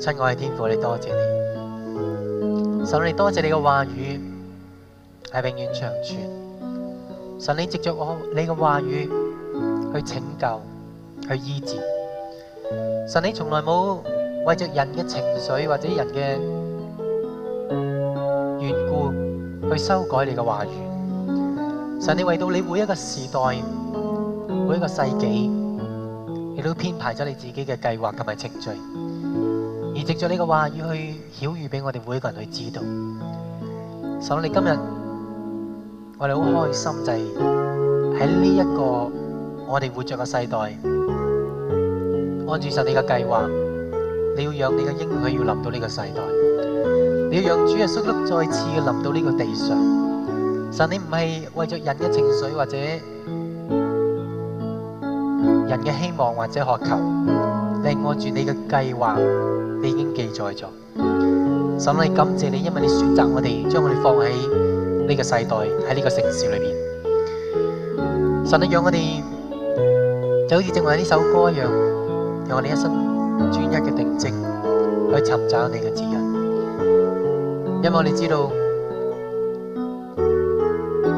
親愛嘅天父，你多謝你，神你多謝你嘅話語係永遠長存，神你藉着我，你嘅話語去拯救、去醫治，神你從來冇為着人嘅情緒或者人嘅緣故去修改你嘅話語，神你為到你每一個時代、每一個世紀，你都編排咗你自己嘅計劃同埋程序。而藉着你嘅話，要去曉喻俾我哋每一個人去知道。所以今日我哋好開心，就係喺呢一個我哋活着嘅世代，按住神你嘅計劃，你要讓你嘅應許要臨到呢個世代，你要讓主耶穌再次臨到呢個地上。神你唔係為咗人嘅情緒或者人嘅希望，或者渴求，按你按住你嘅計劃。你已經記載咗，神你感謝你，因為你選擇我哋，將我哋放喺呢個世代喺呢個城市裏邊。神你讓我哋就好似正如呢首歌一樣，用我哋一生專一嘅定睛去尋找你嘅指引，因為我哋知道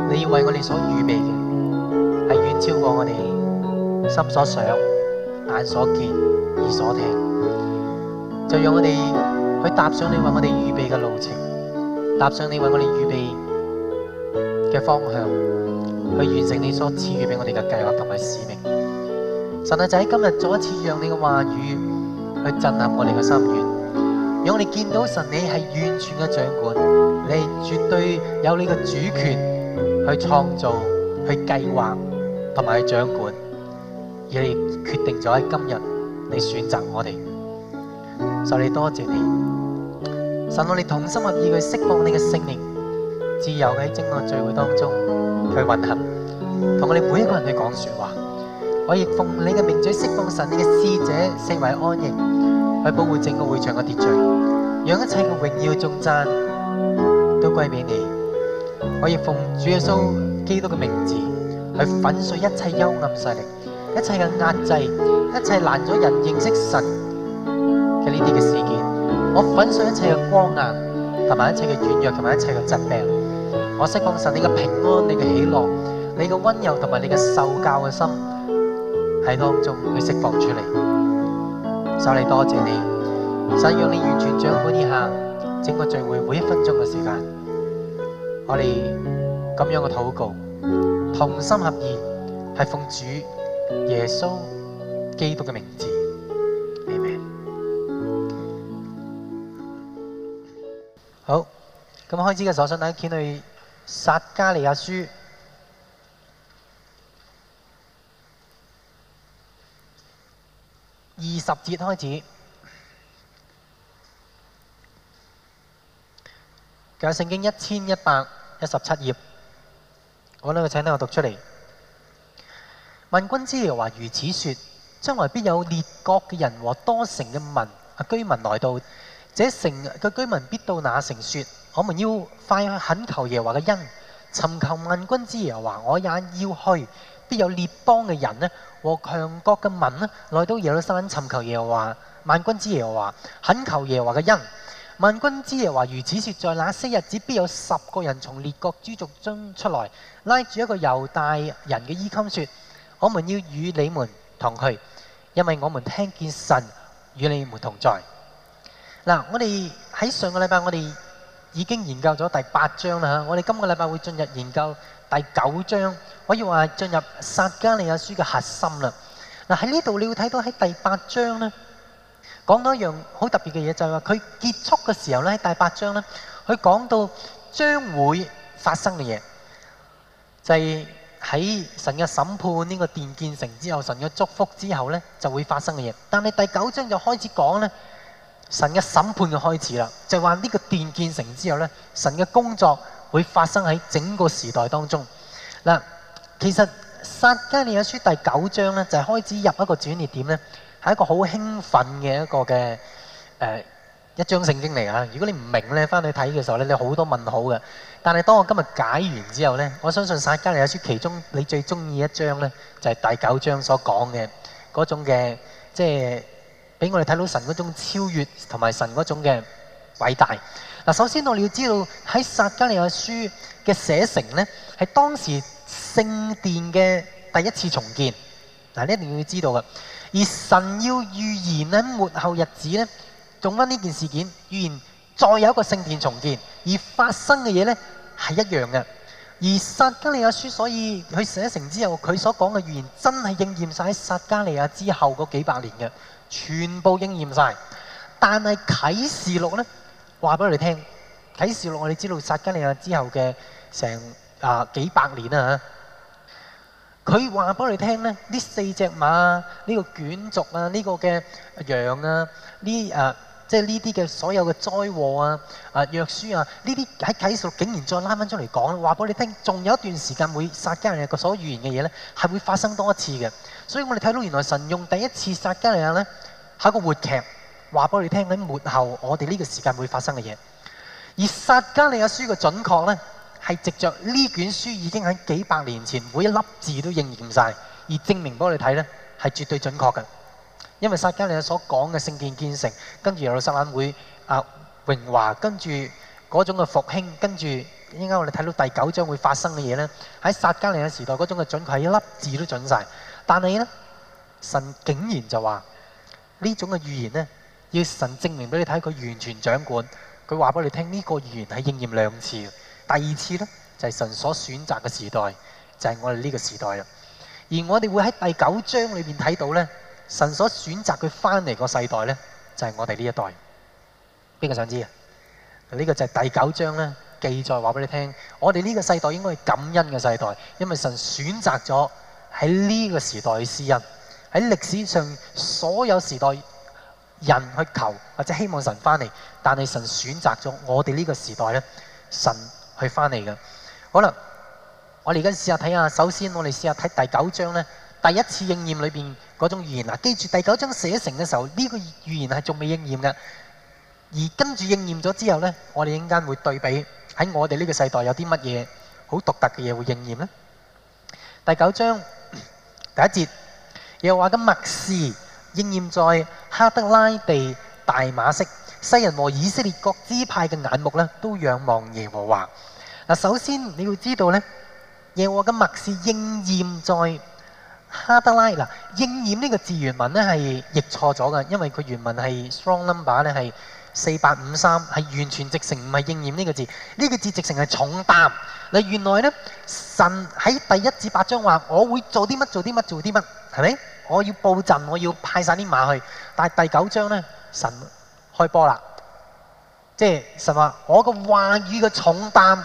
你要為我哋所預備嘅係遠超過我哋心所想、眼所見、耳所聽。就讓我哋去踏上你為我哋預備嘅路程，踏上你為我哋預備嘅方向，去完成你所賜予俾我哋嘅計劃同埋使命。神啊，今日再一次讓你嘅話語去震撼我哋嘅心願，讓我哋見到神，你係完全嘅掌管，你絕對有你嘅主權去創造、去計劃同埋去掌管，而你決定咗喺今日，你選擇我哋。神你多謝你，神我哋同心合意去釋放你嘅聖靈，自由喺整個聚會當中去運行，同我哋每一個人去講說話。我亦奉你嘅名嘴，嘴釋放神你嘅使者四圍安營，去保護整個會場嘅秩序，讓一切嘅榮耀頌讚都歸俾你。我亦奉主耶穌基督嘅名字，去粉碎一切幽暗勢力，一切嘅壓制，一切攔咗人認識神。呢啲嘅事件，我粉碎一切嘅光暗，同埋一切嘅軟弱，同埋一切嘅疾病。我釋放神你嘅平安，你嘅喜樂，你嘅温柔，同埋你嘅受教嘅心喺當中去釋放出嚟。神你多謝你，神讓你完全掌管以下整個聚會每一分鐘嘅時間。我哋咁樣嘅禱告，同心合意，係奉主耶穌基督嘅名字。好，咁開始嘅時候，想睇下《見去撒迦利亞書》二十節開始，嘅聖經一千一百一十七頁，我呢個請睇我讀出嚟。萬軍之耶和華如此說：「將來必有列國嘅人和多城嘅民啊，居民來到。這城嘅居民必到那城説：我們要快去懇求耶和華嘅恩，尋求萬軍之耶和華。我也要去。必有列邦嘅人呢，和強國嘅民呢，來到耶路撒冷尋求耶和華、萬軍之耶和華，懇求耶和華嘅恩。萬軍之耶和華如此説：在那些日子，必有十個人從列國諸族中出來，拉住一個猶大人嘅衣襟説：我們要與你們同去，因為我們聽見神與你們同在。嗱，我哋喺上個禮拜我哋已經研究咗第八章啦，嚇！我哋今個禮拜會進入研究第九章，可以話進入《撒迦利亞書》嘅核心啦。嗱，喺呢度你要睇到喺第八章咧，講到一樣好特別嘅嘢，就係話佢結束嘅時候咧，喺第八章咧，佢講到將會發生嘅嘢，就係喺神嘅審判呢個殿建成之後，神嘅祝福之後咧，就會發生嘅嘢。但係第九章就開始講咧。神嘅審判嘅開始啦，就話呢個殿建成之後呢，神嘅工作會發生喺整個時代當中。嗱，其實撒迦利亞書第九章呢，就係開始入一個轉捩點呢，係一個好興奮嘅一個嘅、呃、一章聖經嚟啊！如果你唔明白呢，翻去睇嘅時候呢，你好多問號嘅。但係當我今日解完之後呢，我相信撒迦利亞書其中你最中意一章呢，就係第九章所講嘅嗰種嘅即係。俾我哋睇到神嗰種超越同埋神嗰種嘅偉大。嗱，首先我哋要知道喺撒迦利亞書嘅寫成呢，係當時聖殿嘅第一次重建。嗱，你一定要知道噶。而神要預言呢，喺末後日子呢，用翻呢件事件預言再有一個聖殿重建而發生嘅嘢呢，係一樣嘅。而撒迦利亞書所以佢寫成之後，佢所講嘅預言真係應驗晒喺撒迦利亞之後嗰幾百年嘅。全部應驗晒，但係啟示錄呢？話俾你聽。啟示錄我哋知道撒迦利亞之後嘅成啊幾百年啊，佢話俾你聽咧，呢四隻馬呢、呢個卷軸、呢個、啊，呢個嘅羊啊，呢誒即係呢啲嘅所有嘅災禍啊、啊約書啊，呢啲喺啟示錄竟然再拉翻出嚟講，話俾你聽，仲有一段時間會撒迦利亞個所預言嘅嘢呢，係會發生多一次嘅。所以我哋睇到原來神用第一次撒迦利亞呢，係一個活劇，話俾我哋聽喺末後我哋呢個時間會發生嘅嘢。而撒迦利亞書嘅準確呢，係藉着呢卷書已經喺幾百年前每一粒字都應驗晒，而證明俾我哋睇呢，係絕對準確嘅。因為撒迦利亞所講嘅聖殿建成，跟住耶路撒冷會啊榮華，跟住嗰種嘅復興，跟住應該我哋睇到第九章會發生嘅嘢呢，喺撒迦利亞時代嗰種嘅準確，係一粒字都準晒。但係咧，神竟然就話呢種嘅預言咧，要神證明俾你睇，佢完全掌管。佢話俾你聽呢個預言係應驗兩次。第二次咧就係神所選擇嘅時代，就係我哋呢個時代啦。而我哋會喺第九章裏面睇到咧，神所選擇佢返嚟個世代咧，就係我哋呢一代。邊個想知啊？呢個就係第九章咧，記載話俾你聽，我哋呢個世代應該係感恩嘅世代，因為神選擇咗。喺呢個時代嘅施恩，喺歷史上所有時代人去求或者希望神翻嚟，但係神選擇咗我哋呢個時代咧，神去翻嚟嘅。好啦，我哋而家試下睇下，首先我哋試下睇第九章咧，第一次應驗裏邊嗰種預言啊，記住第九章寫成嘅時候呢，呢個預言係仲未應驗嘅，而跟住應驗咗之後咧，我哋應間會對比喺我哋呢個世代有啲乜嘢好獨特嘅嘢會應驗咧。第九章。第一節，耶和華嘅默示應驗在哈德拉地大馬色。世人和以色列各支派嘅眼目咧都仰望耶和華。嗱，首先你要知道咧，耶和華嘅默示應驗在哈德拉。嗱，應驗呢個字原文咧係譯錯咗嘅，因為佢原文係 Strong Number 咧係。四八五三係完全直成唔係應驗呢個字，呢、這個字直成係重擔。嗱，原來呢，神喺第一至八章話，我會做啲乜？做啲乜？做啲乜？係咪？我要佈陣，我要派晒啲馬去。但係第九章呢，神開波啦。即係神話，我個話語嘅重擔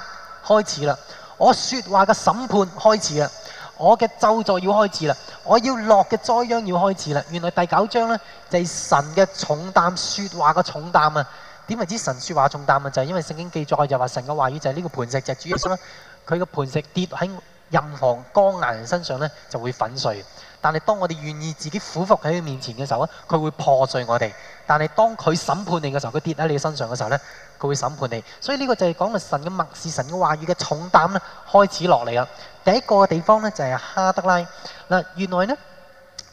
開始啦，我説話嘅審判開始啦。我嘅咒詛要開始啦，我要落嘅災殃要開始啦。原來第九章呢，就係、是、神嘅重擔說話嘅重擔啊！點為之神說話重擔啊？就係、是、因為聖經記載就話神嘅話語就係呢個磐石石柱，所以佢嘅磐石跌喺任何剛硬人身上呢，就會粉碎。但係當我哋願意自己俯伏喺佢面前嘅時候，佢會破碎我哋；但係當佢審判你嘅時候，佢跌喺你身上嘅時候咧，佢會審判你。所以呢個就係講到神嘅默示、神嘅話語嘅重擔咧，開始落嚟啦。第一個地方咧就係哈得拉嗱，原來呢，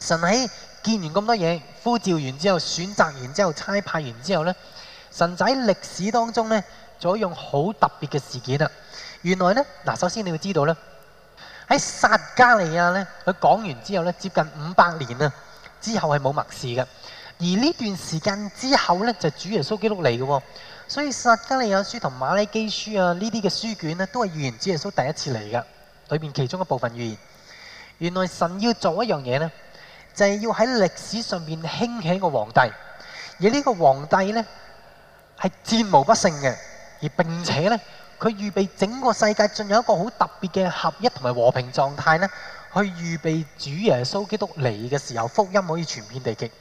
神喺見完咁多嘢、呼召完之後、選擇完之後、差派完之後呢，神喺歷史當中咧做一樣好特別嘅事件啦。原來呢，嗱，首先你要知道呢。喺撒迦利亞咧，佢講完之後咧，接近五百年啊，之後係冇默示嘅。而呢段時間之後咧，就是、主耶穌基督嚟嘅。所以撒迦利亞書同馬拉基書啊，呢啲嘅書卷咧，都係預言主耶穌第一次嚟嘅，裏面其中一部分預言。原來神要做一樣嘢呢，就係、是、要喺歷史上面興起一個皇帝，而呢個皇帝呢，係戰無不勝嘅，而並且呢。佢預備整個世界進入一個好特別嘅合一同埋和平狀態呢，去預備主耶穌基督嚟嘅時候，福音可以傳遍地極。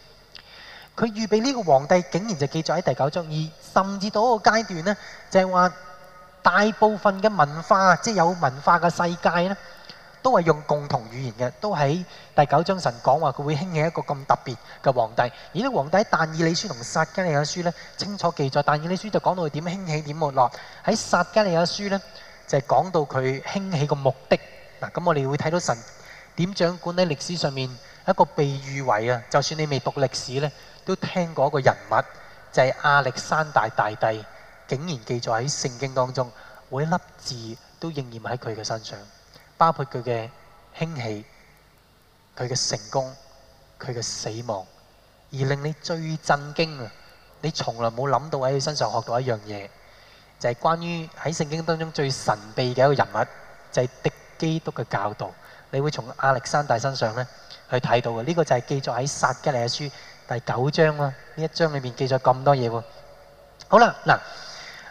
佢預備呢個皇帝竟然就記載喺第九章，而甚至到一個階段呢就係話大部分嘅文化，即係有文化嘅世界呢都係用共同語言嘅，都喺第九章神講話，佢會興起一個咁特別嘅皇帝。而啲皇帝喺但以理書同撒迦利亞書咧，清楚記載。但以理書就講到佢點興起、點沒落；喺撒迦利亞書咧，就係講到佢興起個目的。嗱，咁我哋會睇到神點掌管喺歷史上面一個被譽為啊，就算你未讀歷史咧，都聽過一個人物，就係亞歷山大大帝，竟然記載喺聖經當中，每一粒字都應驗喺佢嘅身上。包括佢嘅興起，佢嘅成功，佢嘅死亡，而令你最震驚啊！你從來冇諗到喺佢身上學到一樣嘢，就係、是、關於喺聖經當中最神秘嘅一個人物，就係、是、敵基督嘅教導。你會從亞歷山大身上咧去睇到嘅呢、這個就係記載喺撒迦利亞書第九章啦。呢一章裏面記載咁多嘢喎。好啦，嗱。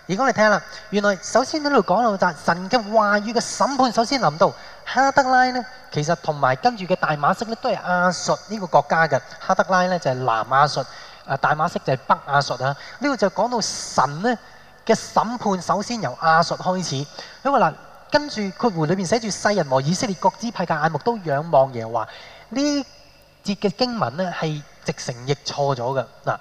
而家我哋睇下啦，原來首先喺度講到就神嘅話語嘅審判，首先臨到哈德拉咧，其實同埋跟住嘅大馬色咧都係亞述呢個國家嘅。哈德拉咧就係南亞述，啊大馬色就係北亞述啊。呢個就講到神咧嘅審判，首先由亞述開始。因為嗱，跟住括弧裏邊寫住世人和以色列各支派嘅眼目都仰望耶和華呢節嘅經文咧，係直情譯錯咗嘅嗱。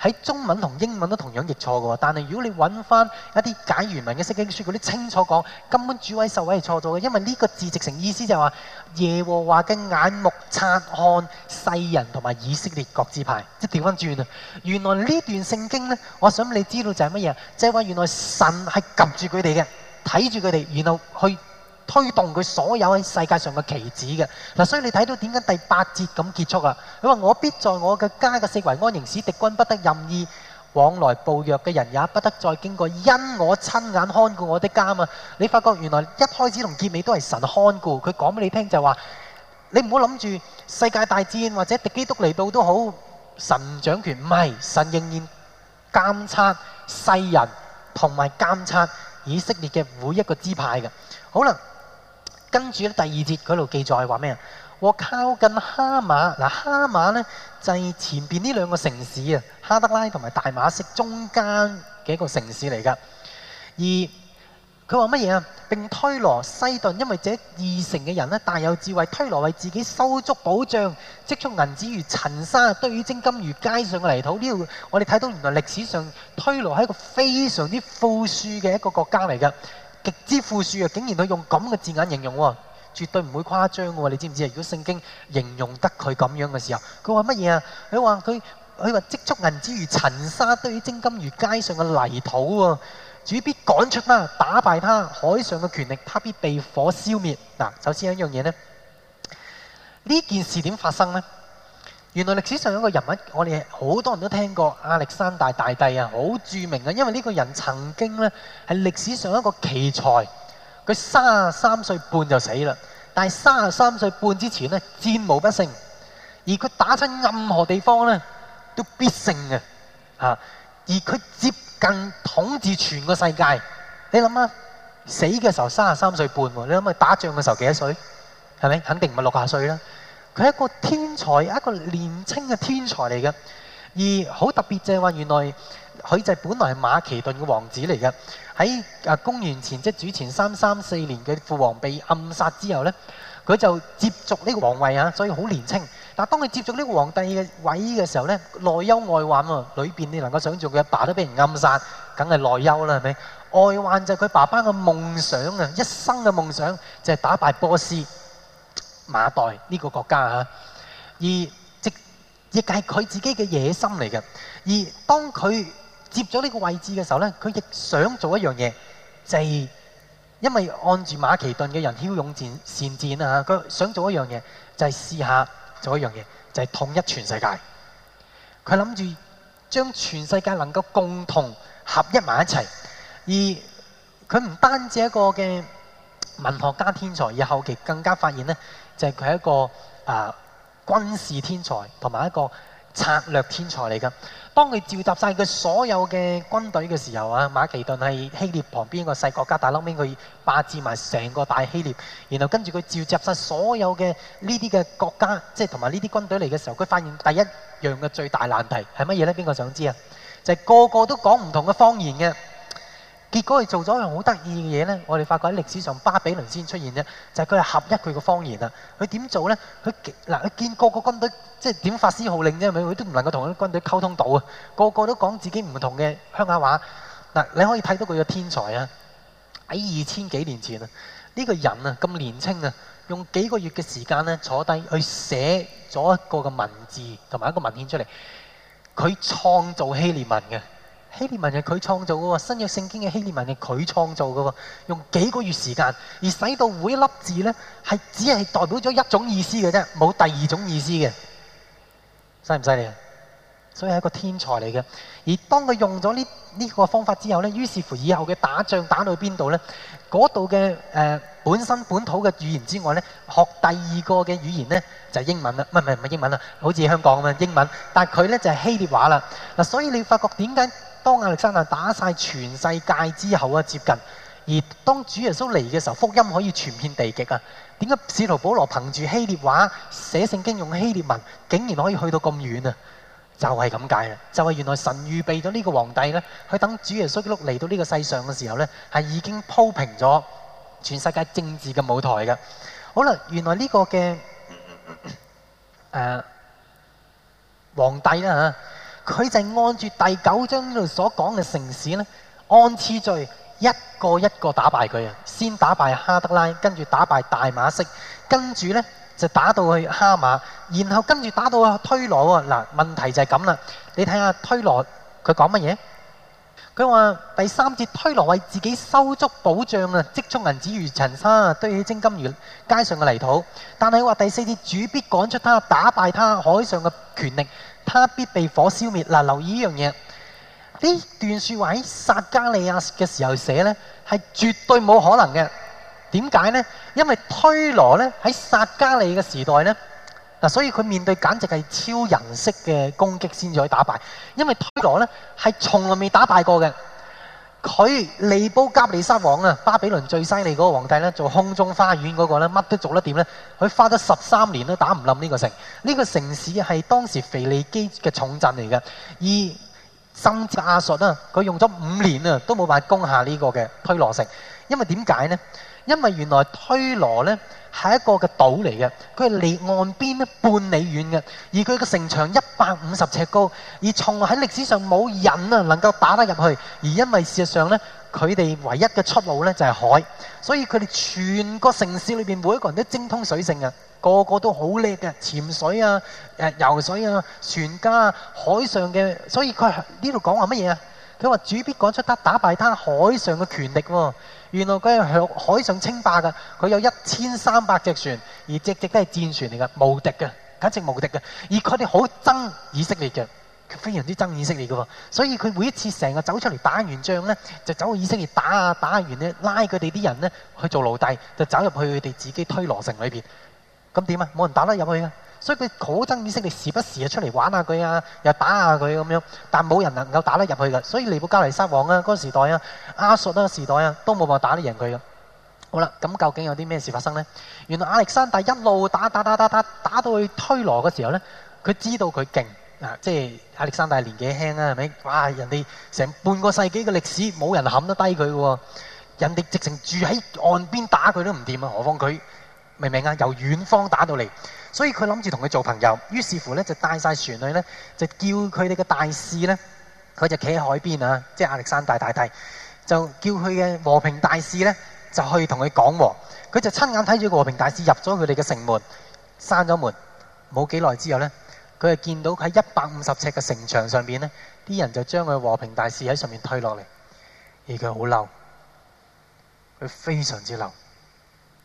喺中文同英文都同樣譯錯嘅，但係如果你揾翻一啲解原文嘅聖經書，嗰啲清楚講，根本主位受位係錯咗嘅，因為呢個字直成意思就係話，耶和華嘅眼目察看世人同埋以色列各支派，即係調翻轉啊！原來呢段聖經呢，我想你知道就係乜嘢，即係話原來神係 𥄫 住佢哋嘅，睇住佢哋，然後去，推動佢所有喺世界上嘅棋子嘅嗱，所以你睇到點解第八節咁結束啊？佢話：我必在我嘅家嘅四圍安營，使敵軍不得任意往來，暴虐嘅人也不得再經過，因我親眼看顧我的家啊嘛！你發覺原來一開始同結尾都係神看顧，佢講俾你聽就話：你唔好諗住世界大戰或者敵基督嚟到都好，神掌權，唔係神仍然監察世人同埋監察以色列嘅每一個支派嘅，好啦。跟住咧第二節嗰度記載話咩啊？我靠近哈馬嗱，哈馬呢就係前邊呢兩個城市啊，哈德拉同埋大馬色中間嘅一個城市嚟噶。而佢話乜嘢啊？並推羅西頓，因為這二城嘅人呢大有智慧，推羅為自己收足保障，積蓄銀子如塵沙，堆起精金如街上嘅泥土。呢度我哋睇到原來歷史上推羅係一個非常之富庶嘅一個國家嚟嘅。極之富庶啊！竟然佢用咁嘅字眼形容喎，絕對唔會誇張喎，你知唔知啊？如果聖經形容得佢咁樣嘅時候，佢話乜嘢啊？佢話佢佢話積蓄銀子如塵沙，堆積精金如街上嘅泥土喎，主必趕出他，打敗他，海上嘅權力他必被火燒滅。嗱，首先一樣嘢呢，呢件事點發生呢？原來歷史上有一個人物，我哋好多人都聽過亞歷山大大帝啊，好著名啊。因為呢個人曾經呢，係歷史上一個奇才，佢三十三歲半就死啦。但係三十三歲半之前呢，戰無不勝，而佢打親任何地方呢，都必勝嘅嚇、啊。而佢接近統治全個世界，你諗啊，死嘅時候三十三歲半喎，你諗下打仗嘅時候幾多歲？係咪肯定唔係六廿歲啦？佢係一個天才，一個年青嘅天才嚟嘅。而好特別就係話，原來佢就係本來係馬其頓嘅王子嚟嘅。喺啊公元前即係主前三三四年嘅父皇被暗殺之後呢，佢就接續呢個皇位啊，所以好年青。但係當佢接續呢個皇帝嘅位嘅時候呢，內憂外患喎。裏邊你能夠想像，佢阿爸都俾人暗殺，梗係內憂啦，係咪？外患就係佢爸爸嘅夢想啊，一生嘅夢想就係打敗波斯。馬代呢個國家啊，而亦亦係佢自己嘅野心嚟嘅。而當佢接咗呢個位置嘅時候呢，佢亦想做一樣嘢，就係因為按住馬其頓嘅人驍勇善善戰啊！佢想做一樣嘢，就係試下做一樣嘢，就係統一全世界。佢諗住將全世界能夠共同合一埋一齊。而佢唔單止一個嘅文學家天才，而後期更加發現呢。就係佢係一個啊、呃、軍事天才同埋一個策略天才嚟㗎。當佢召集晒佢所有嘅軍隊嘅時候啊，馬其頓係希臘旁邊一個細國家，大粒面佢霸佔埋成個大希臘。然後跟住佢召集晒所有嘅呢啲嘅國家，即係同埋呢啲軍隊嚟嘅時候，佢發現第一樣嘅最大難題係乜嘢咧？邊個想知啊？就係、是、個個都講唔同嘅方言嘅。結果係做咗一樣好得意嘅嘢呢。我哋發覺喺歷史上巴比倫先出現啫，就係佢係合一佢個方言啊。佢點做呢？佢嗱佢見個個軍隊即係點發施號令啫，係咪佢都唔能夠同啲軍隊溝通到啊。個個都講自己唔同嘅鄉下話嗱，你可以睇到佢嘅天才啊！喺二千幾年前啊，呢、這個人啊咁年輕啊，用幾個月嘅時間呢，坐低去寫咗一個嘅文字同埋一個文獻出嚟，佢創造希臘文嘅。希臘文係佢創造嘅喎，新約聖經嘅希臘文係佢創造嘅喎，用幾個月時間，而使到每一粒字呢，係只係代表咗一種意思嘅啫，冇第二種意思嘅，犀唔犀利啊？所以係一個天才嚟嘅。而當佢用咗呢呢個方法之後呢，於是乎以後嘅打仗打到去邊度呢？嗰度嘅誒本身本土嘅語言之外呢，學第二個嘅語言呢，就係英文啦，唔係唔係英文啦，好似香港咁樣英文，但係佢呢，就係希臘話啦嗱，所以你發覺點解？當亞歷山大打晒全世界之後啊，接近；而當主耶穌嚟嘅時候，福音可以全遍地極啊。點解使徒保羅憑住希臘話寫聖經用希臘文，竟然可以去到咁遠啊？就係咁解啦，就係、是、原來神預備咗呢個皇帝咧，佢等主耶穌嚟到呢個世上嘅時候咧，係已經鋪平咗全世界政治嘅舞台噶。好啦，原來呢個嘅、呃、皇帝咧吓。佢就係按住第九章呢度所講嘅城市呢，按次序一個一個打敗佢啊，先打敗哈德拉，跟住打敗大馬色，跟住呢就打到去哈馬，然後跟住打到去推羅喎。嗱，問題就係咁啦。你睇下推羅，佢講乜嘢？佢話第三節推羅為自己收足保障啊，積蓄銀子如塵沙，堆起精金如街上嘅泥土。但係話第四節主必趕出他，打敗他，海上嘅權力。他必被火消滅。嗱，留意呢樣嘢，呢段説話喺撒迦利亞嘅時候寫呢，係絕對冇可能嘅。點解呢？因為推羅呢，喺撒迦利嘅時代呢，嗱，所以佢面對簡直係超人式嘅攻擊先至可以打敗。因為推羅呢，係從來未打敗過嘅。佢尼布甲尼撒王啊，巴比倫最犀利嗰個皇帝咧，做空中花園嗰、那個咧，乜都做得掂咧。佢花咗十三年都打唔冧呢個城，呢、這個城市係當時腓尼基嘅重鎮嚟嘅。而甚至亞述啊，佢用咗五年啊，都冇辦法攻下呢個嘅推羅城，因為點解呢？因為原來推羅呢係一個嘅島嚟嘅，佢係離岸邊半里遠嘅，而佢嘅城牆一百五十尺高，而從來喺歷史上冇人啊能夠打得入去。而因為事實上呢，佢哋唯一嘅出路呢就係、是、海，所以佢哋全個城市裏面每一個人都精通水性嘅，個個都好叻嘅，潛水啊、誒、呃、游水啊、船家啊、海上嘅，所以佢呢度講話乜嘢啊？佢話主必趕出他打敗他海上嘅權力喎、哦。原來佢係海上稱霸嘅，佢有一千三百隻船，而隻隻都係戰船嚟嘅，無敵嘅，簡直無敵嘅。而佢哋好憎以色列嘅，佢非常之憎以色列嘅喎。所以佢每一次成日走出嚟打完仗咧，就走去以色列打啊打完咧，拉佢哋啲人咧去做奴隸，就走入去佢哋自己推羅城裏邊。咁點啊？冇人打得入去啊！所以佢好憎以色列，你時不時就出嚟玩下佢啊，又打下佢咁樣，但冇人能能夠打得入去噶。所以嚟到尼布加尼撒王啊，嗰、那個時代啊，亞述啊時代啊，都冇辦法打得贏佢。好啦，咁究竟有啲咩事發生呢？原來亞歷山大一路打打打打打打到去推羅嘅時候呢，佢知道佢勁啊，即係亞歷山大年紀輕啊，係咪？哇！人哋成半個世紀嘅歷史冇人撼得低佢嘅，啊，人哋直情住喺岸邊打佢都唔掂啊，何況佢明唔明啊？由遠方打到嚟。所以佢諗住同佢做朋友，於是乎咧就帶晒船去咧，就叫佢哋嘅大使呢。咧，佢就企喺海邊啊，即係亞歷山大大帝就叫佢嘅和平大使。咧，就去同佢講和。佢就親眼睇住和平大使入咗佢哋嘅城門，閂咗門。冇幾耐之後咧，佢就見到喺一百五十尺嘅城牆上邊咧，啲人就將佢和平大使喺上面推落嚟。而佢好嬲，佢非常之嬲，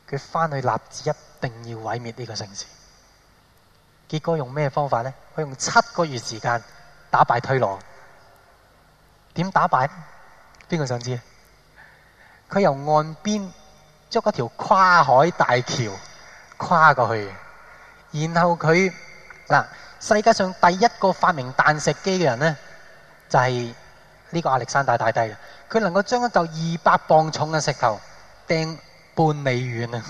佢翻去立志一定要毀滅呢個城市。結果用咩方法咧？佢用七個月時間打敗推羅。點打敗？邊個想知？佢由岸邊捉一條跨海大橋跨過去，然後佢嗱世界上第一個發明彈石機嘅人咧，就係呢個亞歷山大大帝。佢能夠將一嚿二百磅重嘅石頭掟半里遠啊！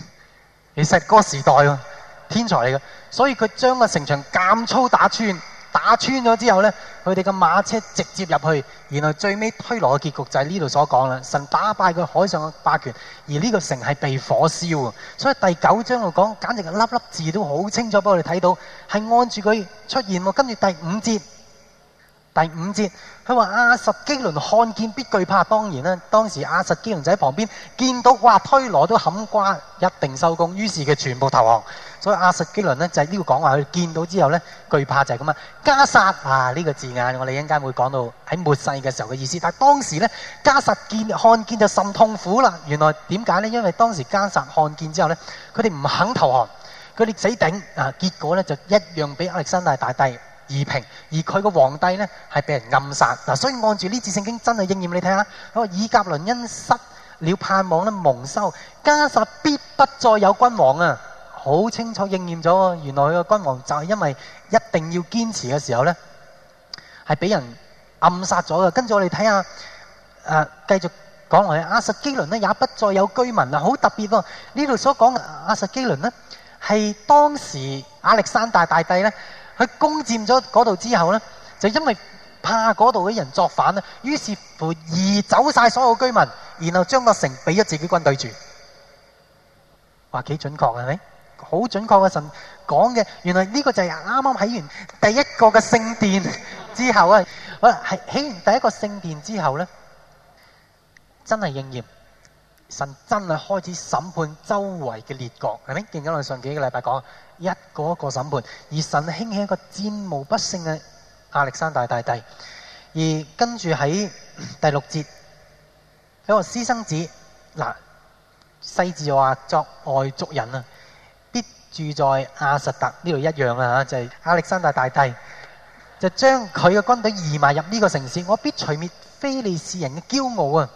其實嗰個時代啊。天才嚟嘅，所以佢將個城牆咁粗打穿，打穿咗之後呢，佢哋嘅馬車直接入去，然後最尾推羅嘅結局就係呢度所講啦。神打敗佢海上嘅霸權，而呢個城係被火燒喎。所以第九章嘅講，簡直係粒粒字都好清楚，俾我哋睇到係按住佢出現喎。跟住第五節、第五節，佢話亞實基倫看見必懼怕。當然啦，當時亞實基倫就喺旁邊見到，哇！推羅都冚瓜，一定收工，於是佢全部投降。所以亞實基倫呢，就係呢個講話佢見到之後呢，懼怕就係咁啊！迦薩啊！呢個字眼，我哋一陣間會講到喺末世嘅時候嘅意思。但係當時呢，迦薩見看見就甚痛苦啦。原來點解呢？因為當時迦薩看見之後呢，佢哋唔肯投降，佢哋死頂啊！結果呢就一樣俾亞歷山大大帝夷平，而佢個皇帝呢，係俾人暗殺嗱、啊。所以按住呢節聖經真係應驗，你睇下，我以革倫因失了盼望蒙羞，迦薩必不再有君王啊！好清楚應驗咗喎！原來佢個君王就係因為一定要堅持嘅時候咧，係俾人暗殺咗嘅。跟住我哋睇下，誒繼續講落去。亞實基倫咧，也不再有居民啦，好特別喎！呢度所講嘅亞實基倫咧，係當時亞歷山大大帝咧，佢攻佔咗嗰度之後咧，就因為怕嗰度嘅人作反啦，於是乎移走曬所有居民，然後將個城俾咗自己軍隊住。話幾準確係咪？好準確嘅神講嘅，原來呢個就係啱啱起完第一個嘅聖殿之後啊，係 起完第一個聖殿之後咧，真係應驗神真係開始審判周圍嘅列國，係咪見咗我哋上幾個禮拜講一個一個審判，而神興起一個戰無不勝嘅亞歷山大大帝，而跟住喺第六節一個私生子嗱細字話作外族人啊。住在亞實特呢度一樣啊，就係亞歷山大大帝就將佢嘅軍隊移埋入呢個城市，我必除滅非利士人嘅驕傲啊！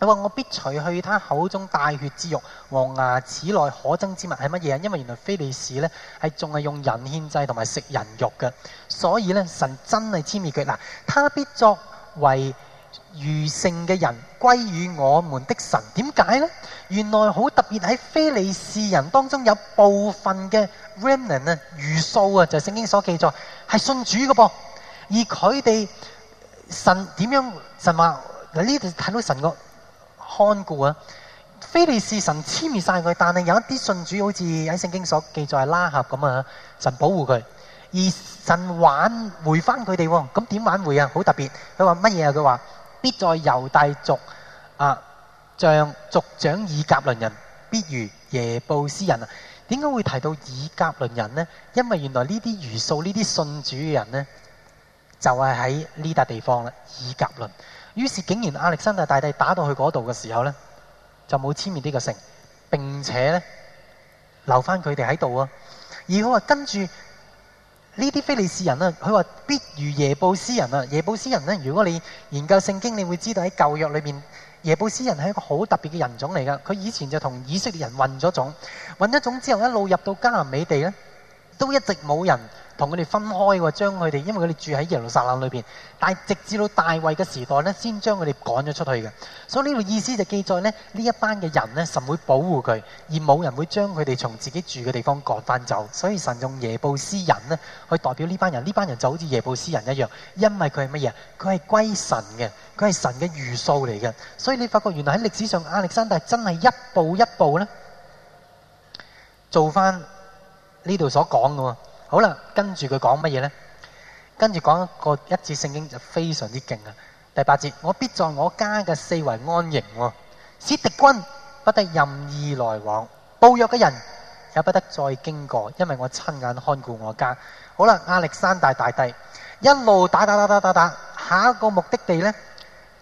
佢話我必除去他口中帶血之肉，和牙齒內可憎之物係乜嘢啊？因為原來非利士呢係仲係用人獻祭同埋食人肉嘅，所以呢，神真係殲滅佢嗱，他必作為。餘剩嘅人歸於我們的神，點解呢？原來好特別喺，非利士人當中有部分嘅 Remnant 啊，餘數啊，就是，聖經所記載係信主嘅噃。而佢哋神點樣神話？嗱，呢度睇到神個看顧啊！非利士神消滅晒佢，但係有一啲信主好似喺聖經所記載係拉合咁啊，神保護佢。而神挽回翻佢哋，咁點挽回啊？好特別，佢話乜嘢啊？佢話。必在猶大族啊，像族，族長以革倫人，必如耶布斯人啊！點解會提到以革倫人呢？因為原來呢啲餘數呢啲信主嘅人呢，就係喺呢笪地方啦。以革倫，於是竟然亞歷山大大帝打到去嗰度嘅時候呢，就冇殲滅呢個城，並且呢留翻佢哋喺度啊！而我話跟住。呢啲非利士人啊，佢話必如耶布斯人啊，耶布斯人呢，如果你研究聖經，你會知道喺舊約裏面，耶布斯人係一個好特別嘅人種嚟㗎。佢以前就同以色列人混咗種，混咗種之後一路入到迦南美地咧，都一直冇人，同佢哋分開喎，將佢哋，因為佢哋住喺耶路撒冷裏邊。但係直至到大衛嘅時代呢，先將佢哋趕咗出去嘅。所以呢個意思就記載呢：呢一班嘅人呢，神會保護佢，而冇人會將佢哋從自己住嘅地方趕翻走。所以神用耶布斯人呢去代表呢班人。呢班人就好似耶布斯人一樣，因為佢係乜嘢？佢係歸神嘅，佢係神嘅餘數嚟嘅。所以你發覺原來喺歷史上亞歷山大真係一步一步呢做翻呢度所講嘅喎。好啦，跟住佢講乜嘢呢？跟住講一個一字聖經就非常之勁啊！第八節，我必在我家嘅四圍安營喎，使敵軍不得任意來往，暴虐嘅人也不得再經過，因為我親眼看顧我家。好啦，亞歷山大大帝一路打打打打打打，下一個目的地呢，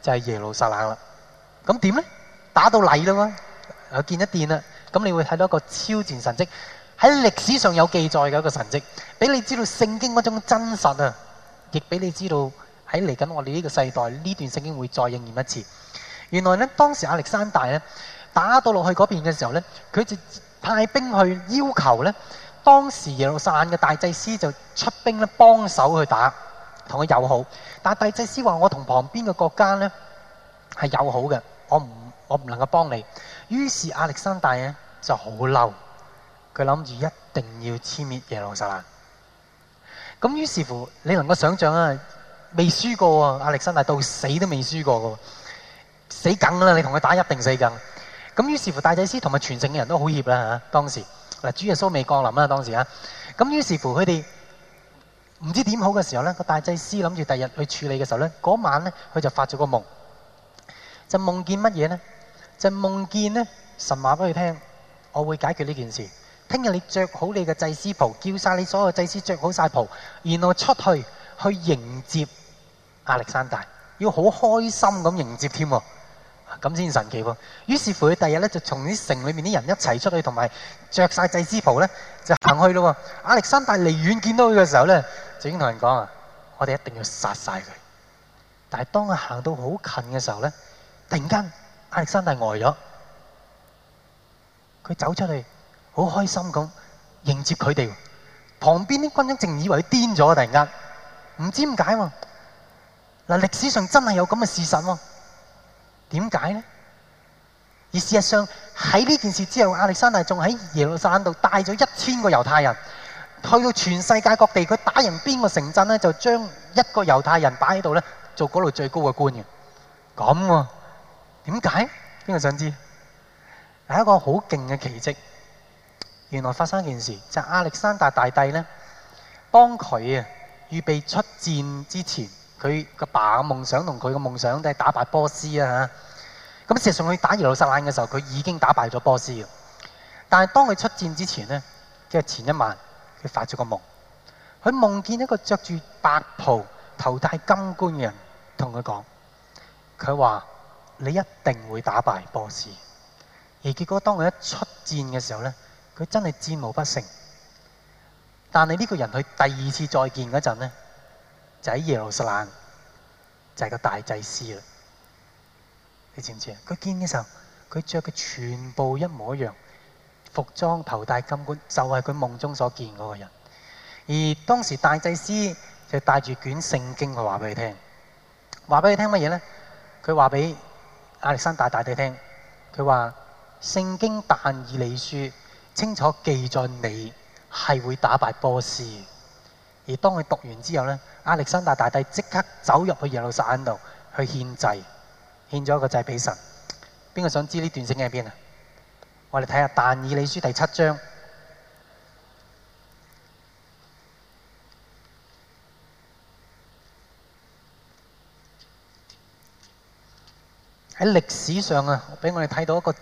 就係耶路撒冷啦。咁點呢？打到禮咯，又見一電啦。咁你會睇到一個超自然神跡。喺歷史上有記載嘅一個神跡，俾你知道聖經嗰種真實啊，亦俾你知道喺嚟緊我哋呢個世代呢段聖經會再應驗一次。原來呢，當時亞歷山大咧打到落去嗰邊嘅時候呢，佢就派兵去要求呢，當時耶路撒冷嘅大祭司就出兵咧幫手去打，同佢友好。但大祭司話：我同旁邊嘅國家呢係友好嘅，我唔我唔能夠幫你。於是亞歷山大呢就好嬲。佢諗住一定要殲滅耶路撒冷。咁於是乎，你能夠想象啊，未輸過啊，亞歷山大到死都未輸過噶、啊，死梗啦！你同佢打一定死梗。咁於是乎，大祭司同埋全城嘅人都好怯啦吓。當時嗱，主耶穌未降臨啦、啊，當時啊，咁於是乎佢哋唔知點好嘅時候咧，個大祭司諗住第日去處理嘅時候咧，嗰晚咧佢就發咗個夢，就夢見乜嘢呢？就夢見呢神話俾佢聽，我會解決呢件事。聽日你著好你嘅祭司袍，叫曬你所有祭司著好曬袍，然後出去去迎接亞歷山大，要好開心咁迎接添喎，咁先神奇喎。於是乎，佢第日咧就從啲城裏面啲人一齊出去，同埋著曬祭司袍咧就行去咯喎。亞歷山大離遠見到佢嘅時候咧，就已經同人講啊：我哋一定要殺曬佢。但係當佢行到好近嘅時候咧，突然間亞歷山大呆咗，佢走出去。好開心咁迎接佢哋，旁邊啲軍人正以為佢癲咗，突然間唔知點解喎。嗱，歷史上真係有咁嘅事實喎。點解咧？而事實上喺呢件事之後，亞歷山大仲喺耶路撒冷度帶咗一千個猶太人，去到全世界各地，佢打贏邊個城鎮咧，就將一個猶太人擺喺度咧，做嗰度最高嘅官員。咁點解？邊個想知？係一個好勁嘅奇蹟。原來發生一件事，就係亞歷山大大帝呢。當佢啊預備出戰之前，佢個爸嘅夢想同佢嘅夢想都係打敗波斯啊嚇。咁事實上佢打耶路撒冷嘅時候，佢已經打敗咗波斯。但係當佢出戰之前呢，即係前一晚，佢發咗個夢，佢夢見一個著住白袍、頭戴金冠嘅人同佢講：佢話你一定會打敗波斯。而結果當佢一出戰嘅時候呢。佢真係戰無不勝，但係呢個人佢第二次再見嗰陣咧，就喺耶路撒冷，就係個大祭司啦。你知唔知啊？佢見嘅時候，佢着嘅全部一模一樣服裝，頭戴金冠，就係、是、佢夢中所見嗰個人。而當時大祭司就帶住卷聖經去話畀佢聽，話畀佢聽乜嘢咧？佢話畀亞歷山大大帝聽說，佢話聖經但以理書，清楚記載你係會打敗波斯，而當佢讀完之後呢，亞歷山大大帝即刻走入去耶路撒冷度去獻祭，獻咗一個祭俾神。邊個想知呢段聖經喺邊啊？我哋睇下但以理書第七章。喺歷史上啊，俾我哋睇到一個。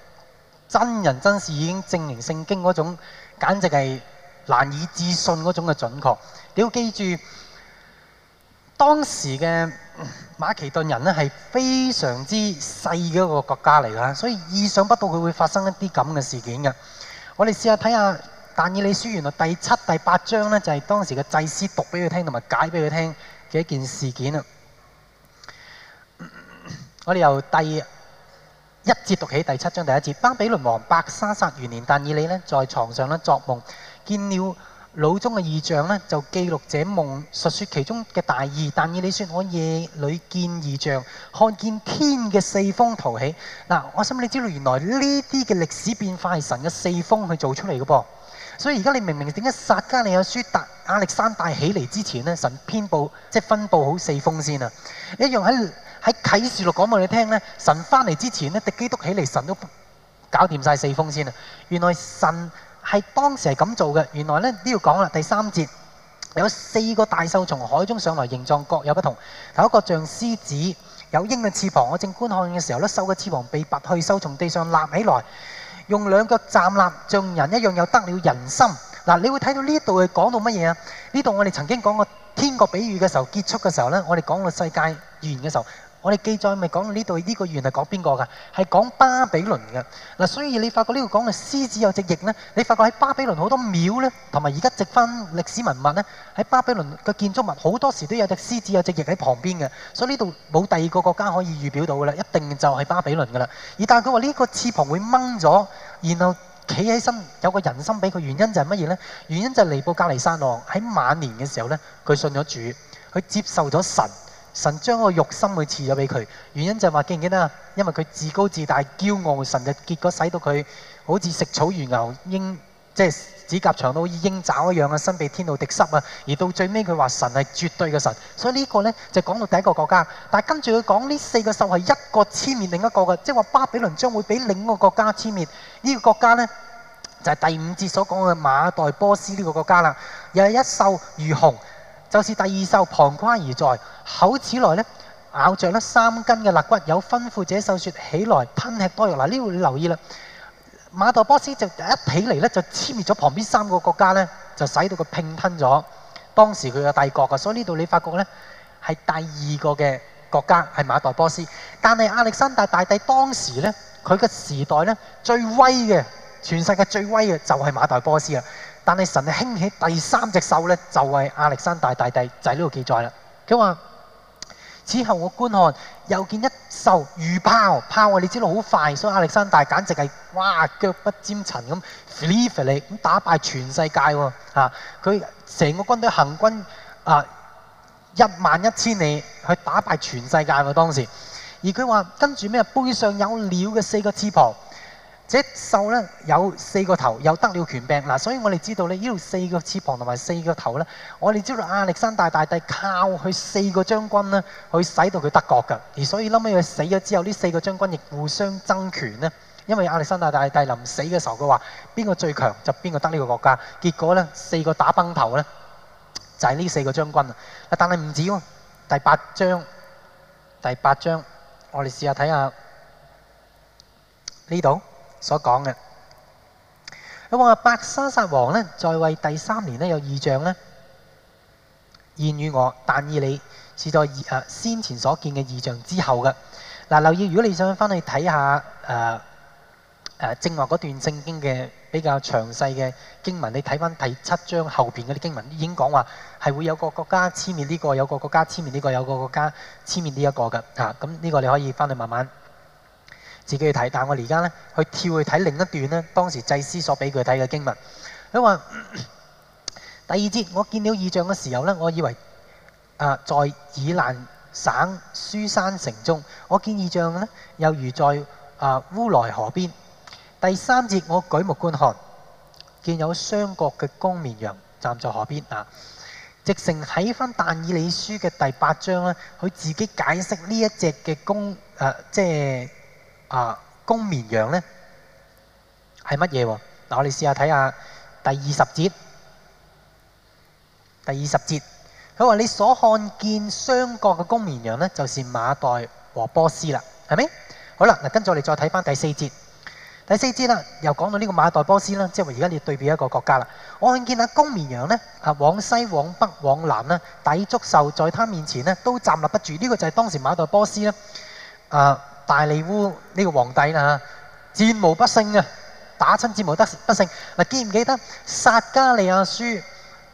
真人真事已經證明聖經嗰種，簡直係難以置信嗰種嘅準確。你要記住，當時嘅馬其頓人咧係非常之細嘅一個國家嚟㗎，所以意想不到佢會發生一啲咁嘅事件㗎。我哋試下睇下但以理書原來第七、第八章呢，就係當時嘅祭司讀俾佢聽同埋解俾佢聽嘅一件事件啊！我哋由第一節讀起，第七章第一節，巴比倫王伯沙撒元年，但以理呢在床上咧作夢，見了腦中嘅異象呢就記錄這夢，述説其中嘅大意。但以理說：我夜裏見異象，看見天嘅四風陡起。嗱、啊，我想你知道原來呢啲嘅歷史變化係神嘅四風去做出嚟嘅噃。所以而家你明唔明點解撒迦利亞書達亞歷山大起嚟之前呢神編佈即係、就是、分佈好四風先啊？一樣喺。喺啟示錄講俾你聽呢，神翻嚟之前呢，敵基督起嚟，神都搞掂晒四風先啊！原來神係當時係咁做嘅。原來呢，呢度講啦。第三節有四個大獸從海中上來，形狀各有不同。有一個像獅子，有鷹嘅翅膀。我正觀看嘅時候呢，獸嘅翅膀被拔去，獸從地上立起來，用兩腳站立，像人一樣，又得了人心。嗱，你會睇到呢度係講到乜嘢啊？呢度我哋曾經講過天國比喻嘅時候，結束嘅時候呢，我哋講過世界完嘅時候。我哋記載咪講呢度，呢個原來講邊個㗎？係講巴比倫㗎。嗱，所以你發覺呢度講嘅獅子有隻翼咧，你發覺喺巴比倫好多廟咧，同埋而家直翻歷史文物咧，喺巴比倫嘅建築物好多時都有隻獅子有隻翼喺旁邊嘅。所以呢度冇第二個國家可以預表到㗎啦，一定就係巴比倫㗎啦。而但係佢話呢個翅膀會掹咗，然後企起身有個人心俾佢，原因就係乜嘢咧？原因就係尼布甲尼撒王喺晚年嘅時候咧，佢信咗主，佢接受咗神。神將個肉心佢賜咗俾佢，原因就係話記唔記得啊？因為佢自高自大、驕傲，神嘅結果使到佢好似食草如牛鷹，即係指甲長到好似鷹爪一樣啊，身被天露滴濕啊。而到最尾佢話神係絕對嘅神，所以呢個呢，就講到第一個國家。但跟住佢講呢四個獸係一個殲滅另一個嘅，即係話巴比倫將會俾另一個國家殲滅。呢個國家呢，就係第五節所講嘅馬代波斯呢個國家啦，又係一獸如熊。就是第二獸旁跨而在口齒內咧咬着咧三根嘅肋骨，有吩咐這獸説起來吞吃多肉嗱，呢度你留意啦。馬代波斯就一起嚟咧，就殲滅咗旁邊三個國家咧，就使到佢拼吞咗當時佢個帝國噶。所以呢度你發覺咧係第二個嘅國家係馬代波斯，但係亞歷山大大帝當時咧佢個時代咧最威嘅，全世界最威嘅就係馬代波斯啊。但係神係興起第三隻獸咧，就係亞歷山大大帝就喺呢度記載啦。佢話此後我觀看，又見一艘獸如拋拋啊，你知道好快，所以亞歷山大簡直係哇腳不沾塵咁，飛嚟咁打敗全世界喎。吓，佢成個軍隊行軍啊，一萬一千里去打敗全世界喎當時。而佢話跟住咩，背上有鳥嘅四個翅膀。這獸呢，有四個頭，又得了權柄嗱，啊，所以我哋知道咧，呢度四個翅膀同埋四個頭呢，我哋知道亞歷山大大帝靠佢四個將軍呢去使到佢得國㗎。而所以後屘佢死咗之後，呢四個將軍亦互相爭權呢。因為亞歷山大大帝臨死嘅時候佢話：邊個最強就邊個得呢個國家。結果呢，四個打崩頭呢，就係、是、呢四個將軍啊！但係唔止喎，第八章，第八章，我哋試下睇下呢度。這裏所講嘅，咁我話伯沙撒王呢，在位第三年呢，有異象呢，現與我，但以理是在誒先前所見嘅異象之後嘅。嗱，留意如果你想翻去睇下誒誒、呃呃、正話嗰段聖經嘅比較詳細嘅經文，你睇翻第七章後邊嗰啲經文已經講話係會有個國家殲滅呢、這個，有個國家殲滅呢、這個，有個國家殲滅呢一個嘅嚇。咁、啊、呢、這個你可以翻去慢慢。自己去睇，但我而家呢去跳去睇另一段呢。當時祭司所俾佢睇嘅經文。佢話、嗯：第二節，我見了異象嘅時候呢，我以為啊、呃，在以攔省書珊城中，我見異象嘅咧，有如在啊、呃、烏來河邊。第三節，我舉目觀看，見有雙角嘅公綿羊站在河邊啊。直情喺返但以理書嘅第八章呢，佢自己解釋呢一隻嘅公誒，即係。啊，公綿羊咧係乜嘢？嗱，我哋試下睇下第二十節，第二十節，佢話你所看見雙角嘅公綿羊咧，就是馬代和波斯啦，係咪？好啦，嗱，跟住我哋再睇返第四節，第四節啦，又講到呢個馬代波斯啦，即係話而家你要對比一個國家啦。我看見啊，公綿羊咧，啊往西、往北、往南咧，抵觸，獸在他面前咧都站立不住。呢個就係當時馬代波斯啦，啊。大利烏呢個皇帝啦嚇，戰無不勝啊，打親戰無得不勝。嗱，記唔記得《撒迦利亞書》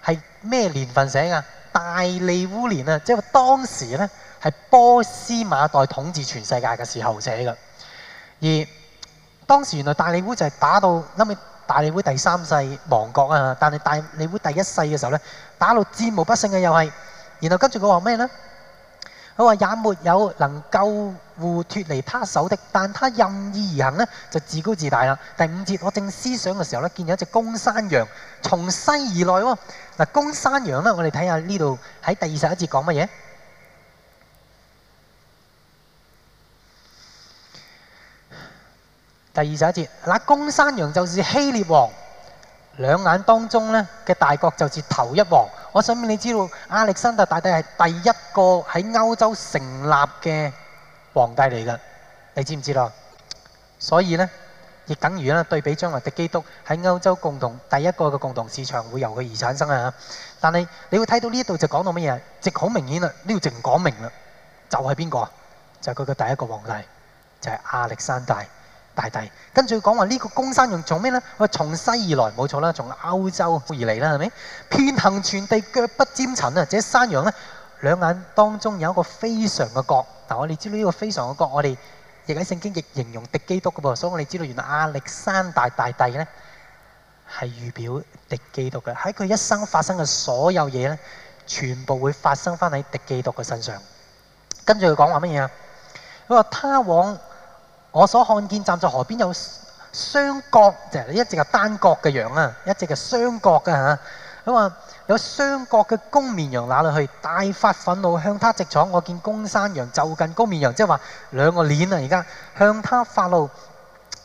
係咩年份寫噶？大利烏年啊，即係話當時咧係波斯馬代統治全世界嘅時候寫噶。而當時原來大利烏就係打到諗起大利烏第三世亡國啊，但係大利烏第一世嘅時候咧，打到戰無不勝嘅又係。然後跟住佢話咩咧？佢話也沒有能夠，互脫離他手的，但他任意而行呢，就自高自大啦。第五節，我正思想嘅時候呢，見有一隻公山羊從西而來喎。嗱，公山羊呢，我哋睇下呢度喺第二十一節講乜嘢？第二十一節，嗱，公山羊就是希臘王，兩眼當中呢嘅大角就是頭一王。我想俾你知道，亞歷山大大帝係第一個喺歐洲成立嘅。皇帝嚟噶，你知唔知咯？所以呢，亦等於咧對比將來的基督喺歐洲共同第一個嘅共同市場會由佢而產生啊！但係你會睇到呢度就講到乜嘢？直好明顯啦，呢度直唔講明啦，就係邊個？就係佢嘅第一個皇帝，就係亞歷山大大帝。跟住講話呢個公山羊做咩呢？我從西而來，冇錯啦，從歐洲而嚟啦，係咪？遍行全地，腳不沾塵啊！這山羊呢，兩眼當中有一個非常嘅角。嗱，我哋知道呢個非常嘅角，我哋亦喺聖經亦形容敵基督嘅噃，所以我哋知道原來亞歷山大大帝咧係預表敵基督嘅，喺佢一生發生嘅所有嘢咧，全部會發生翻喺敵基督嘅身上。跟住佢講話乜嘢啊？佢話他往我所看見站在河邊有雙角，就係一隻係單角嘅羊啊，一隻係雙角嘅嚇。咁啊～有雙角嘅公綿羊哪裏去？大發憤怒向他直闖。我見公山羊就近公綿羊，即係話兩個鏈啊！而家向他發怒，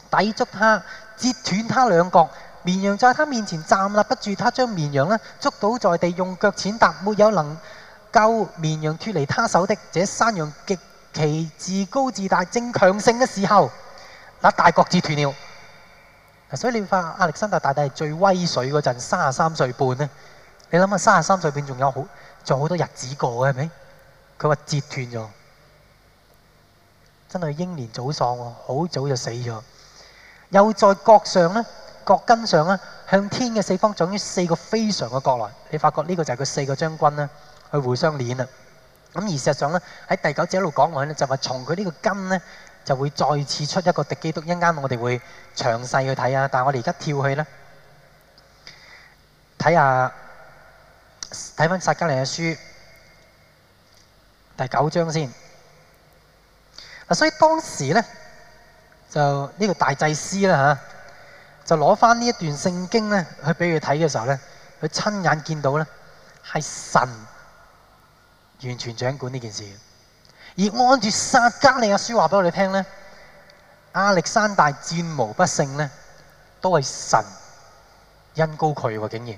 抵觸他，截斷他兩角。綿羊在他面前站立不住，他將綿羊咧捉倒在地，用腳踐踏，沒有能救綿羊脱離他手的。這山羊極其自高自大，正強盛嘅時候，那大角字斷了。所以你會發現，亞歷山大大帝係最威水嗰陣，三十三歲半咧。你諗下，三十三歲，變仲有好，仲好多日子過嘅係咪？佢話截斷咗，真係英年早喪喎，好早就死咗。又在角上咧，角根上咧，向天嘅四方，總之四個非常嘅角來。你發覺呢個就係佢四個將軍咧，去互相鏈啊。咁而事實上咧，喺第九節一路講落去咧，就話從佢呢個根咧，就會再次出一個敵基督。一陣間我哋會詳細去睇啊。但係我哋而家跳去咧，睇下。睇翻撒迦利亞書第九章先。嗱，所以當時咧就，呢、這個大祭司啦吓，就攞翻呢一段聖經咧去俾佢睇嘅時候咧，佢親眼見到咧係神完全掌管呢件事，而按住撒迦利亞書話俾我哋聽咧，亞歷山大戰無不勝咧，都係神恩膏佢喎，竟然。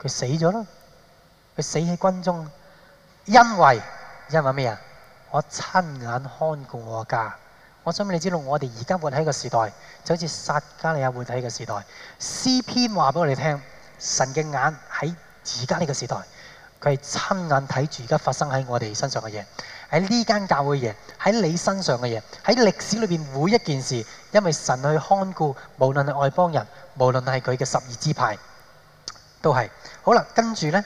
佢死咗咯，佢死喺軍中，因為因為咩啊？我親眼看顧我家，我想俾你知道，我哋而家活喺個時代，就好似撒迦利亞活喺個時代。詩篇話俾我哋聽，神嘅眼喺而家呢個時代，佢係親眼睇住而家發生喺我哋身上嘅嘢，喺呢間教會嘅嘢，喺你身上嘅嘢，喺歷史裏邊每一件事，因為神去看顧，無論係外邦人，無論係佢嘅十二支派。都係，好啦，跟住呢，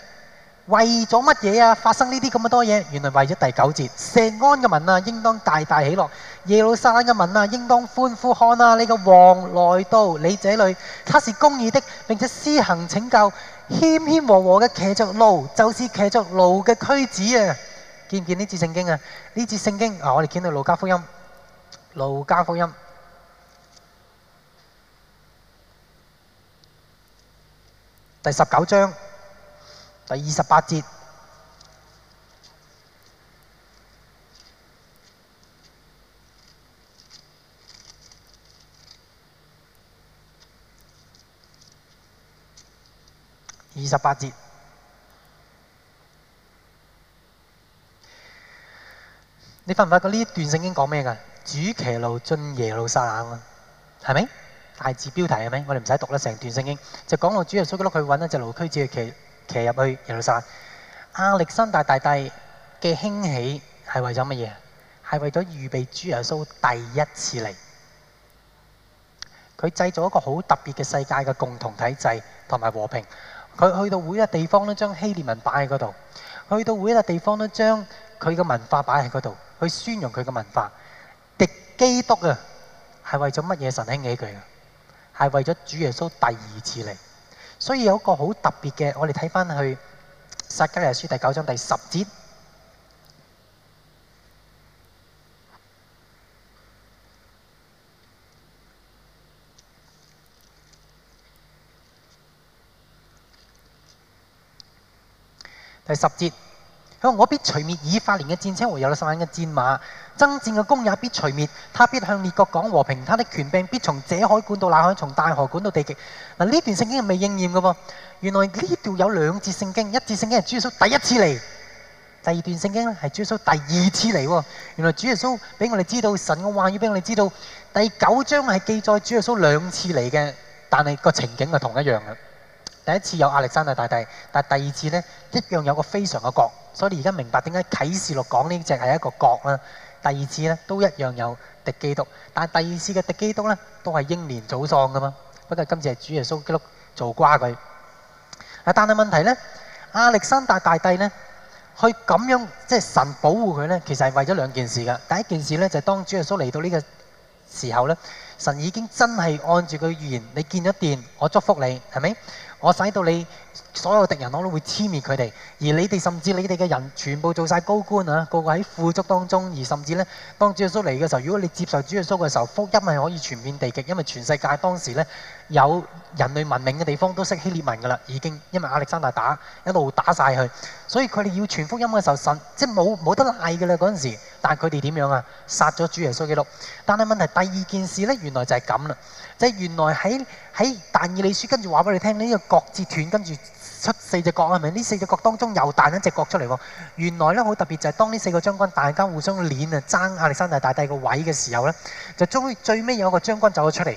為咗乜嘢啊？發生呢啲咁嘅多嘢，原來為咗第九節，錫安嘅民啊，應當大大喜樂；耶路撒冷嘅民啊，應當歡呼，看啊！你個王來到你這裏，他是公義的，並且施行拯救，謙謙和和嘅騎著驢，就是騎著驢嘅駒子啊！見唔見呢節聖經啊？呢節聖經啊，我哋見到路加福音，路加福音。第十九章第二十八節，二十八節，你發唔發覺呢一段聖經講咩㗎？主騎驢進耶路撒冷啊，係咪？大字標題係咩？我哋唔使讀啦，成段聖經就講到主耶穌嗰度，佢揾一隻驢駒子騎騎入去耶路撒冷。亞歷山大大帝嘅興起係為咗乜嘢？係為咗預備主耶穌第一次嚟。佢製造一個好特別嘅世界嘅共同體制同埋和平。佢去到會一笪地方咧，將希臘文擺喺嗰度；去到會一笪地方咧，將佢嘅文化擺喺嗰度，去宣揚佢嘅文化。敵基督啊，係為咗乜嘢神興起佢？係為咗主耶穌第二次嚟，所以有一個好特別嘅，我哋睇返去《撒迦利亞書》第九章第十節。第十節。我必除滅以法蓮嘅戰車和有六十萬嘅戰馬，爭戰嘅弓也必除滅。他必向列國講和平，他的權柄必從這海管到那海，從大河管到地極。嗱，呢段聖經係未應驗嘅喎。原來呢段有兩節聖經，一節聖經係主耶穌第一次嚟，第二段聖經係主耶穌第二次嚟。原來主耶穌俾我哋知道，神嘅話要俾我哋知道，第九章係記載主耶穌兩次嚟嘅，但係個情景係同一樣嘅。第一次有亞歷山大大帝，但係第二次呢一樣有個非常嘅角，所以你而家明白點解啟示錄講呢只係一個角啦。第二次呢都一樣有敵基督，但係第二次嘅敵基督呢都係英年早喪噶嘛。不過今次係主耶穌基督做瓜佢。啊，但係問題呢，亞歷山大大帝呢，佢咁樣即係神保護佢呢，其實係為咗兩件事㗎。第一件事呢就係當主耶穌嚟到呢個時候呢。神已經真係按住佢預言，你見咗電，我祝福你，係咪？我使到你所有敵人，我都會殲滅佢哋，而你哋甚至你哋嘅人全部做晒高官啊！個個喺富足當中，而甚至呢，當主耶穌嚟嘅時候，如果你接受主耶穌嘅時候，福音係可以傳遍地極，因為全世界當時呢。有人類文明嘅地方都識希臘文噶啦，已經因為亞歷山大打一路打晒佢，所以佢哋要傳福音嘅時候，神即係冇冇得賴噶啦嗰陣時。但係佢哋點樣啊？殺咗主耶穌基督。但係問題第二件事呢，原來就係咁啦，即、就、係、是、原來喺喺但以理書跟住話俾你聽，呢、這個角折斷跟住出四隻角係咪？呢四隻角當中又彈一隻角出嚟喎。原來呢好特別就係、是、當呢四個將軍大家互相攣啊爭亞歷山大大帝個位嘅時候呢，就終於最尾有一個將軍走咗出嚟。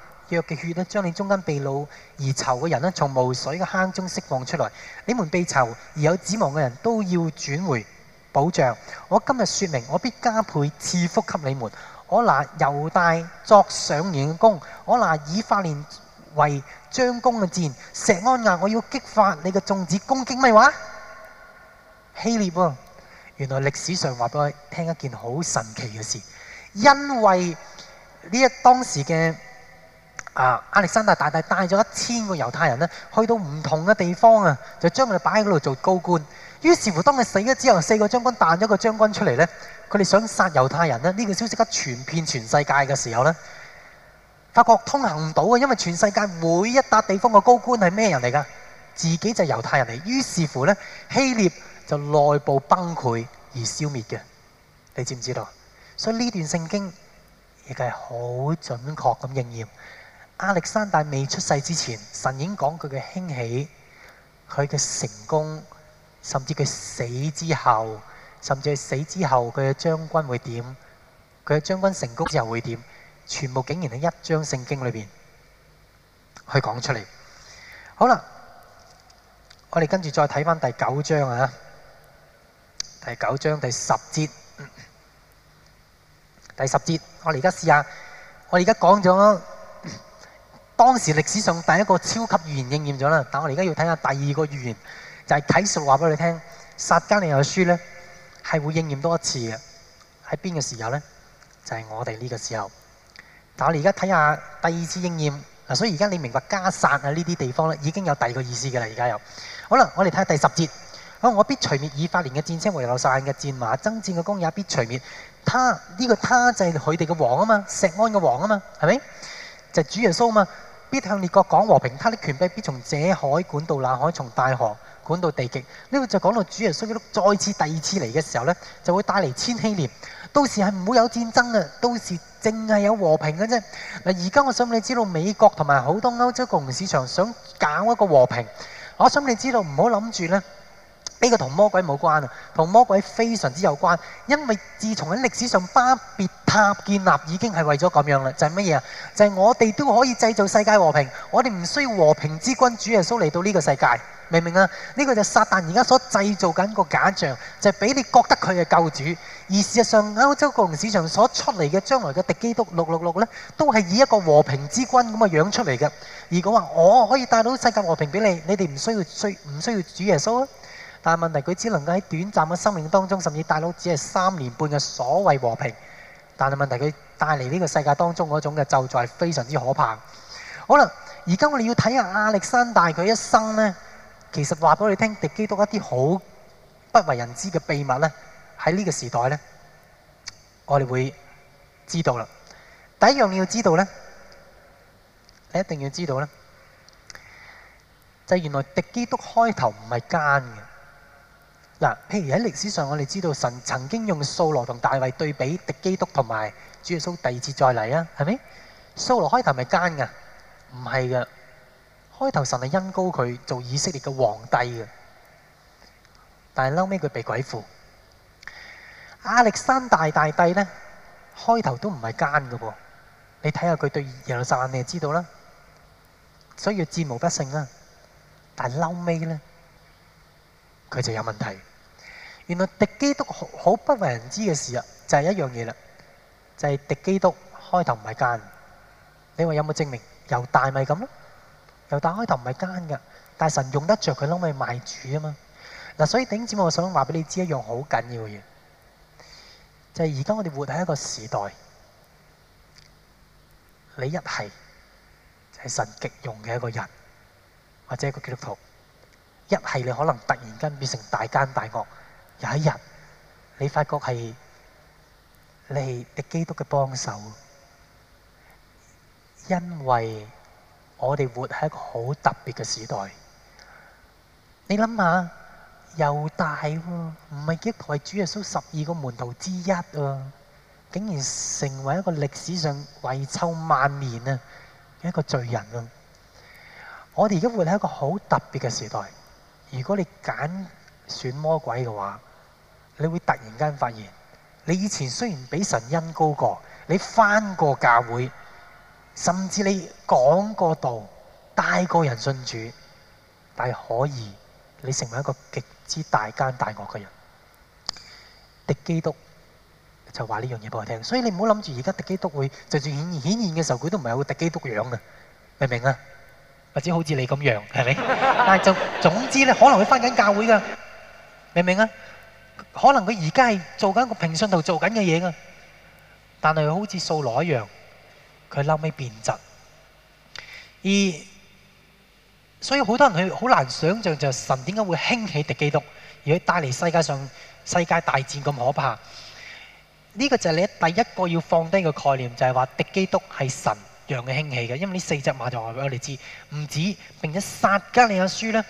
嘅血咧，將你中間被擄而囚嘅人呢，從無水嘅坑中釋放出來。你們被囚而有指望嘅人都要轉回保障。我今日説明，我必加倍賜福給你們。我拿猶大作上弦嘅弓，我拿以法蓮為將攻嘅箭，錫安哪，我要激發你嘅眾子攻擊咩話？希臘喎，原來歷史上話俾我聽一件好神奇嘅事，因為呢一當時嘅。啊！亞歷山大大大帶咗一千個猶太人呢，去到唔同嘅地方啊，就將佢哋擺喺嗰度做高官。於是乎，當佢死咗之後，四個將軍彈咗個將軍出嚟呢，佢哋想殺猶太人呢，呢個消息一傳遍全世界嘅時候呢，發覺通行唔到，因為全世界每一笪地方嘅高官係咩人嚟噶？自己就係猶太人嚟。於是乎呢，希臘就內部崩潰而消滅嘅。你知唔知道？所以呢段聖經亦係好準確咁應驗。亞歷山大未出世之前，神已經講佢嘅興起，佢嘅成功，甚至佢死之後，甚至佢死之後佢嘅將軍會點，佢嘅將軍成功之後會點，全部竟然喺一章聖經裏邊去講出嚟。好啦，我哋跟住再睇翻第九章啊，第九章第十節，第十節我哋而家試下，我哋而家講咗。當時歷史上第一個超級預言應驗咗啦，但係我哋而家要睇下第二個預言，就係啟述話俾你聽，撒迦利亞嘅書咧係會應驗多一次嘅，喺邊個嘅時候咧？就係、是、我哋呢個時候。但係我哋而家睇下第二次應驗嗱，所以而家你明白加薩喺呢啲地方咧，已經有第二個意思嘅啦。而家又好啦，我哋睇下第十節，我必除滅以法蓮嘅戰車和流散嘅戰馬，爭戰嘅弓也必除滅。他呢、這個他就係佢哋嘅王啊嘛，錫安嘅王啊嘛，係咪？就係、主耶穌啊嘛。必向列國講和平，他的權柄必從這海管到那海，從大河管到地極。呢個就講到主耶穌再次第二次嚟嘅時候呢，就會帶嚟千禧年。到時係唔會有戰爭嘅，到時淨係有和平嘅啫。嗱，而家我想你知道美國同埋好多歐洲共同市場想搞一個和平，我想你知道唔好諗住呢。呢、這個同魔鬼冇關啊，同魔鬼非常之有關。因為自從喺歷史上巴別塔建立已經係為咗咁樣啦，就係乜嘢啊？就係我哋都可以製造世界和平，我哋唔需要和平之君主耶穌嚟到呢個世界，明唔明啊？呢個就係撒旦而家所製造緊個假象，就係俾你覺得佢係救主，而事實上歐洲金融市場所出嚟嘅將來嘅敵基督六六六咧，都係以一個和平之君咁嘅樣出嚟嘅。如果話我可以帶到世界和平俾你，你哋唔需要需唔需要主耶穌啊？但係問題，佢只能夠喺短暫嘅生命當中，甚至大佬只係三年半嘅所謂和平。但係問題，佢帶嚟呢個世界當中嗰種嘅就在、係、非常之可怕。好啦，而家我哋要睇下亞歷山大佢一生咧，其實話俾我哋聽，敵基督一啲好不為人知嘅秘密咧，喺呢個時代咧，我哋會知道啦。第一樣你要知道咧，你一定要知道咧，就係、原來敵基督開頭唔係奸嘅。嗱，譬如喺歷史上，我哋知道神曾經用掃羅同大衛對比，敵基督同埋主耶穌第二次再嚟啊，係咪？掃羅開頭咪奸噶，唔係噶，開頭神係恩高佢做以色列嘅皇帝嘅，但係嬲尾佢被鬼附。亞歷山大大帝咧，開頭都唔係奸嘅喎。你睇下佢對耶路撒冷，你就知道啦，所以佢戰無不勝啦，但係嬲尾咧，佢就有問題。原來敵基督好好不為人知嘅事啊，就係一樣嘢啦，就係敵基督開頭唔係奸。你話有冇證明？猶大咪咁咯？猶大開頭唔係奸噶，但係神用得着佢，因為賣主啊嘛。嗱，所以頂子，我想話俾你知一樣好緊要嘅嘢，就係而家我哋活喺一個時代，你一係就係神極用嘅一個人，或者一個基督徒，一係你可能突然間變成大奸大惡。有一日，你發覺係你係敵基督嘅幫手，因為我哋活喺一個好特別嘅時代。你諗下，猶大唔係基督主耶穌十二個門徒之一啊，竟然成為一個歷史上遺臭萬年啊一個罪人啊！我哋而家活喺一個好特別嘅時代，如果你揀選，選魔鬼嘅話。你會突然間發現，你以前雖然比神恩高過，你翻過教會，甚至你講過道，帶過人信主，但係可以，你成為一個極之大奸大惡嘅人。敵基督就話呢樣嘢俾我聽，所以你唔好諗住而家敵基督會就算顯顯現嘅時候，佢都唔係有個敵基督樣嘅，明唔明啊？或 者好似你咁樣係咪？ 但係就總之咧，可能會翻緊教會噶，明唔明啊？可能佢而家係做緊個平信度做緊嘅嘢噶，但係好似掃羅一樣，佢嬲尾變質。而所以好多人去，好難想象就神點解會興起敵基督，而佢帶嚟世界上世界大戰咁可怕？呢個就係你第一個要放低嘅概念，就係話敵基督係神讓佢興起嘅，因為呢四隻馬就話俾我哋知，唔止，並且撒迦利亞書咧，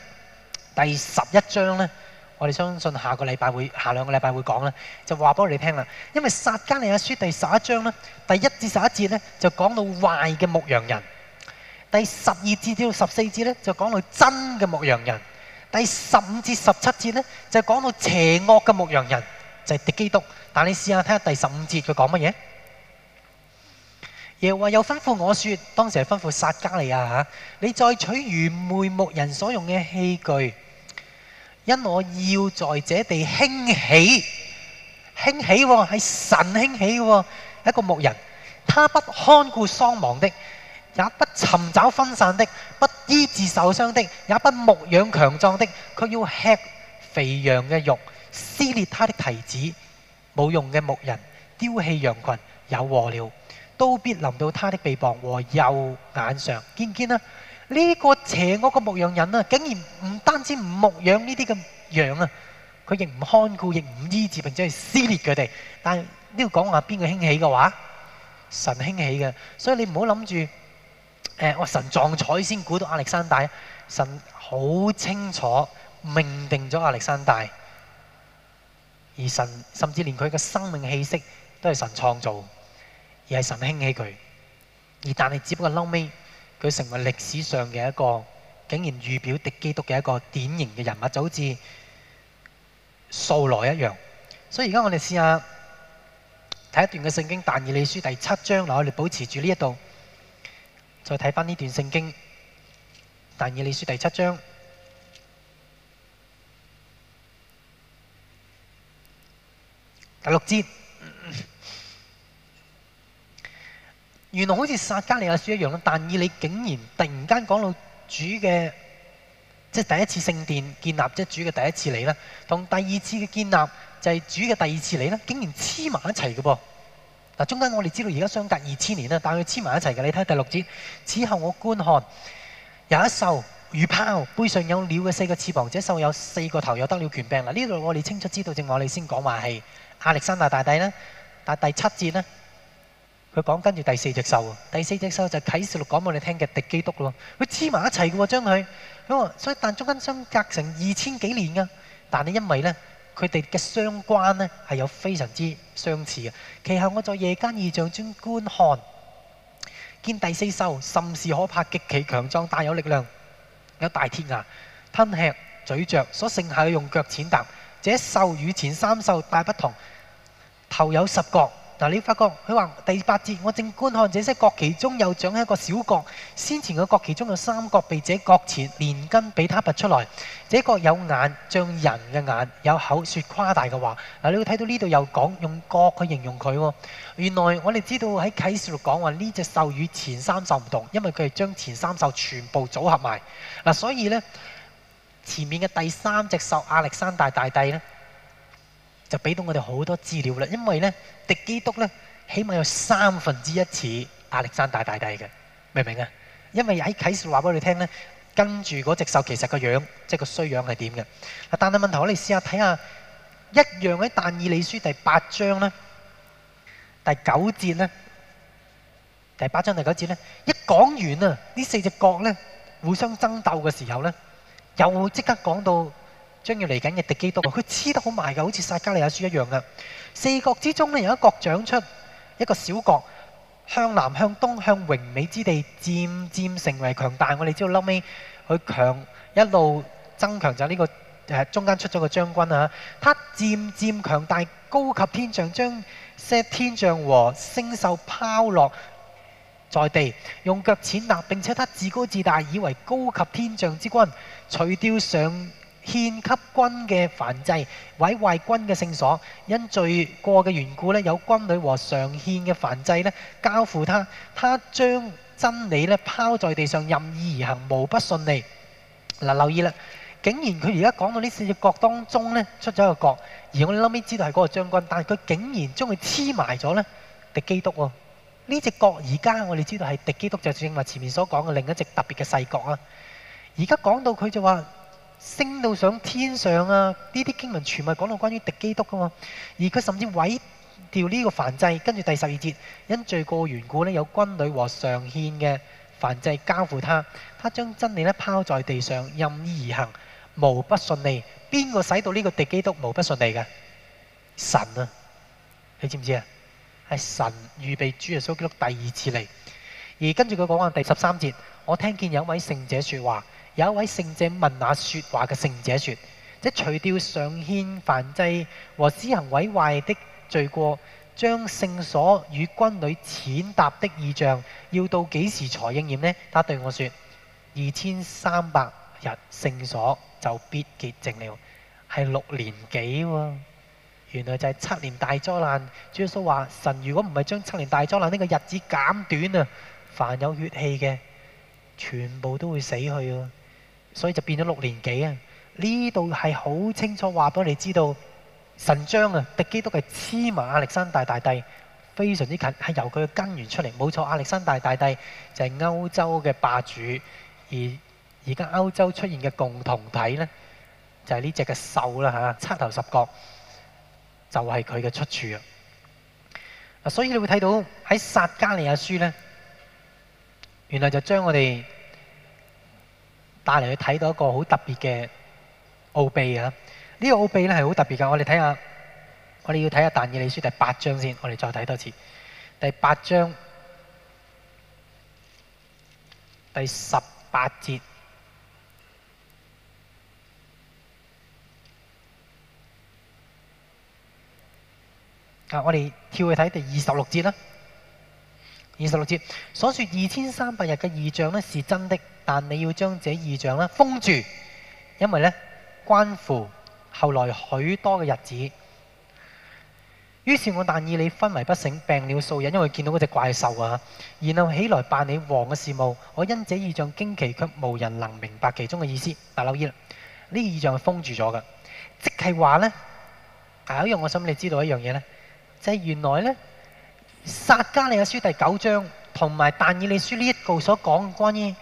第十一章咧。我哋相信下個禮拜會，下兩個禮拜會講啦，就話俾我哋聽啦。因為撒迦利亞書第十一章咧，第一至十一節咧就講到壞嘅牧羊人；第十二至到十四節咧就講到真嘅牧羊人；第十五至十七節咧就講到邪惡嘅牧羊人，就係敵基督。但你試下睇下第十五節佢講乜嘢？耶和華又吩咐我說，當時係吩咐撒迦利亞吓，你再取愚昧牧人所用嘅器具。因我要在這地興起，興起係神興起嘅一個牧人，他不看顧喪亡的，也不尋找分散的，不醫治受傷的，也不牧養強壯的，卻要吃肥羊嘅肉，撕裂他的蹄子，冇用嘅牧人，丟棄羊群，有禍了，都必臨到他的膀臂和右眼上，見唔見啊？呢個邪惡個牧羊人啊，竟然唔單止唔牧養呢啲嘅羊啊，佢亦唔看顧，亦唔醫治，並且係撕裂佢哋。但呢度講話邊個興起嘅話，神興起嘅。所以你唔好諗住，誒，我神撞彩先估到亞歷山大。神好清楚命定咗亞歷山大，而神甚至連佢嘅生命氣息都係神創造，而係神興起佢。而但係只不過嬲尾。佢成為歷史上嘅一個，竟然預表敵基督嘅一個典型嘅人物，就好似掃羅一樣。所以而家我哋試下睇一段嘅聖經《但以理書》第七章，嗱我哋保持住呢一度，再睇翻呢段聖經《但以理書》第七章第六節。原來好似撒迦利亞書一樣咯，但以理竟然突然間講到主嘅即係第一次聖殿建立，即係主嘅第一次嚟啦，同第二次嘅建立就係、是、主嘅第二次嚟啦，竟然黐埋一齊嘅噃。嗱，中間我哋知道而家相隔二千年啦，但係佢黐埋一齊嘅。你睇下第六節，此後我觀看有一獸如豹，背上有鳥嘅四個翅膀，且獸有四個頭，又得了權柄。嗱，呢度我哋清楚知道，正我哋先講話係亞歷山大大帝啦。但第七節呢？佢講，跟住第四隻獸啊，第四隻獸就係啟示錄講俾你聽嘅敵基督咯，佢黐埋一齊嘅喎，將佢咁啊，所以但中間相隔成二千幾年啊，但係因為咧佢哋嘅相關咧係有非常之相似嘅。其後我在夜間異象中觀看，見第四獸甚是可怕，極其強壯，大有力量，有大鐵牙，吞吃咀嚼，所剩下嘅用腳踐踏。這獸與前三獸大不同，頭有十角。嗱，你發覺佢話第八節，我正觀看這些角中，又長一個小角。先前嘅角中有三角被這角前連根俾他拔出來。這角有眼像人嘅眼，有口説誇大嘅話。嗱，你會睇到呢度又講用角去形容佢。原來我哋知道喺啟示錄講話呢隻獸與前三獸唔同，因為佢係將前三獸全部組合埋。嗱，所以呢前面嘅第三隻獸亞歷山大大帝呢。就俾到我哋好多資料啦，因為咧，敵基督咧，起碼有三分之一似亞歷山大大帝嘅，明唔明啊？因為喺啟示話俾你聽咧，跟住嗰隻獸其實個樣，即係個衰樣係點嘅？但係問題，我哋試下睇下一樣喺但以理書第八章咧，第九節咧，第八章第九節咧，一講完啊，呢四隻角咧互相爭鬥嘅時候咧，又會即刻講到。將要嚟緊嘅敵基督，佢黐得好埋㗎，好似撒迦利亞書一樣㗎。四角之中呢，有一角長出一個小角，向南、向東、向榮美之地，漸漸成為強大。我哋知道後，後尾佢強一路增強就呢、這個誒中間出咗個將軍啊。他漸漸強大，高級天象將些天象和星宿拋落在地，用腳踐踏，並且他自高自大，以為高級天象之君除掉上。獻給君嘅燔祭，毀壞君嘅聖所，因罪過嘅緣故咧，有軍旅和常獻嘅燔祭咧，交付他，他將真理咧拋在地上，任意而行，無不順利。嗱，留意啦，竟然佢而家講到呢四隻角當中咧，出咗一個角，而我哋後尾知道係嗰個將軍，但係佢竟然將佢黐埋咗咧，敵基督喎。呢隻角而家我哋知道係敵基督，就正如我前面所講嘅另一隻特別嘅細角啊。而家講到佢就話。升到上天上啊！呢啲經文全部係講到關於敵基督噶嘛，而佢甚至毀掉呢個燔祭。跟住第十二節，因罪過緣故呢，有軍旅和常獻嘅燔祭交付他，他將真理呢拋在地上，任意而行，無不順利。邊個使到呢個敵基督無不順利嘅？神啊，你知唔知啊？係神預備主耶穌基督第二次嚟。而跟住佢講話第十三節，我聽見有一位聖者說話。有一位聖者問那說話嘅聖者說：說即除掉常獻燔祭和施行毀壞的罪過，將聖所與軍旅踐踏的異象，要到幾時才應驗呢？他對我說二千三百日，聖所就必潔淨了。係六年幾，啊？原來就係七年大災難。主耶穌話，神如果唔係將七年大災難呢個日子減短啊，凡有血氣嘅，全部都會死去，啊。所以就變咗六年幾啊！呢度係好清楚話俾你知道，神將啊，敵基督係黐埋亞歷山大大帝，非常之近，係由佢嘅根源出嚟。冇錯，亞歷山大大帝就係歐洲嘅霸主，而而家歐洲出現嘅共同體呢，就係呢隻嘅獸啦嚇，七頭十角，就係佢嘅出處啊！所以你會睇到喺撒迦利亞書呢，原來就將我哋。帶嚟去睇到一個好特別嘅奧秘啊！呢個奧秘咧，係好特別嘅，我哋睇下，我哋要睇下《但以理書》第八章先，我哋再睇多次。第八章第十八節啊，我哋跳去睇第二十六節啦。二十六節所説二千三百日嘅異象咧，是真的。但你要將這異象呢封住，因為呢關乎後來許多嘅日子。於是，我但以理昏迷不醒，病了數日，因為見到嗰隻怪獸啊，然後起來辦理王嘅事務。我因這異象驚奇，卻無人能明白其中嘅意思。嗱，留意呢異象係封住咗嘅，即係話呢，有一樣，我想你知道一樣嘢呢，就係、是、原來呢，《撒迦利亞書》第九章同埋《但以理書》呢一個所講關於。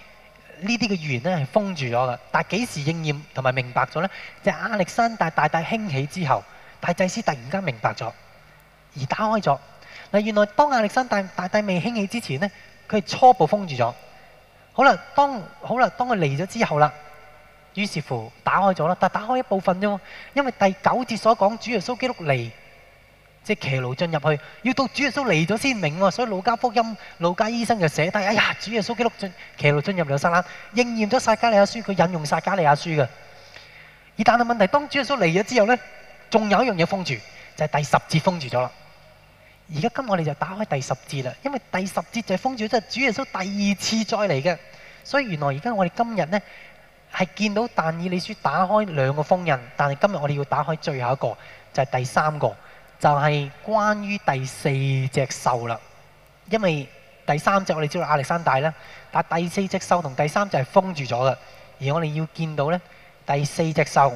呢啲嘅預言咧係封住咗嘅，但係幾時應驗同埋明白咗呢，就係亞歷山大大帝興起之後，大祭司突然間明白咗而打開咗。嗱，原來當亞歷山大大帝未興起之前呢，佢係初步封住咗。好啦，當好啦，當佢嚟咗之後啦，於是乎打開咗啦，但係打開一部分啫喎，因為第九節所講主耶穌基督嚟。即係騎驢進入去，要到主耶穌嚟咗先明喎。所以《路加福音》《路加醫生》就寫低：哎呀，主耶穌基督進騎驢進入耶路撒冷，應驗咗《撒迦利亞書》，佢引用《撒迦利亞書》嘅。而但係問題，當主耶穌嚟咗之後呢，仲有一樣嘢封住，就係、是、第十節封住咗啦。而家今日我哋就打開第十節啦，因為第十節就係封住咗，即、就、係、是、主耶穌第二次再嚟嘅。所以原來而家我哋今日呢，係見到但以理書打開兩個封印，但係今日我哋要打開最後一個，就係、是、第三個。就係、是、關於第四隻獸啦，因為第三隻我哋知道亞歷山大啦，但第四隻獸同第三隻就係封住咗啦，而我哋要見到咧第四隻獸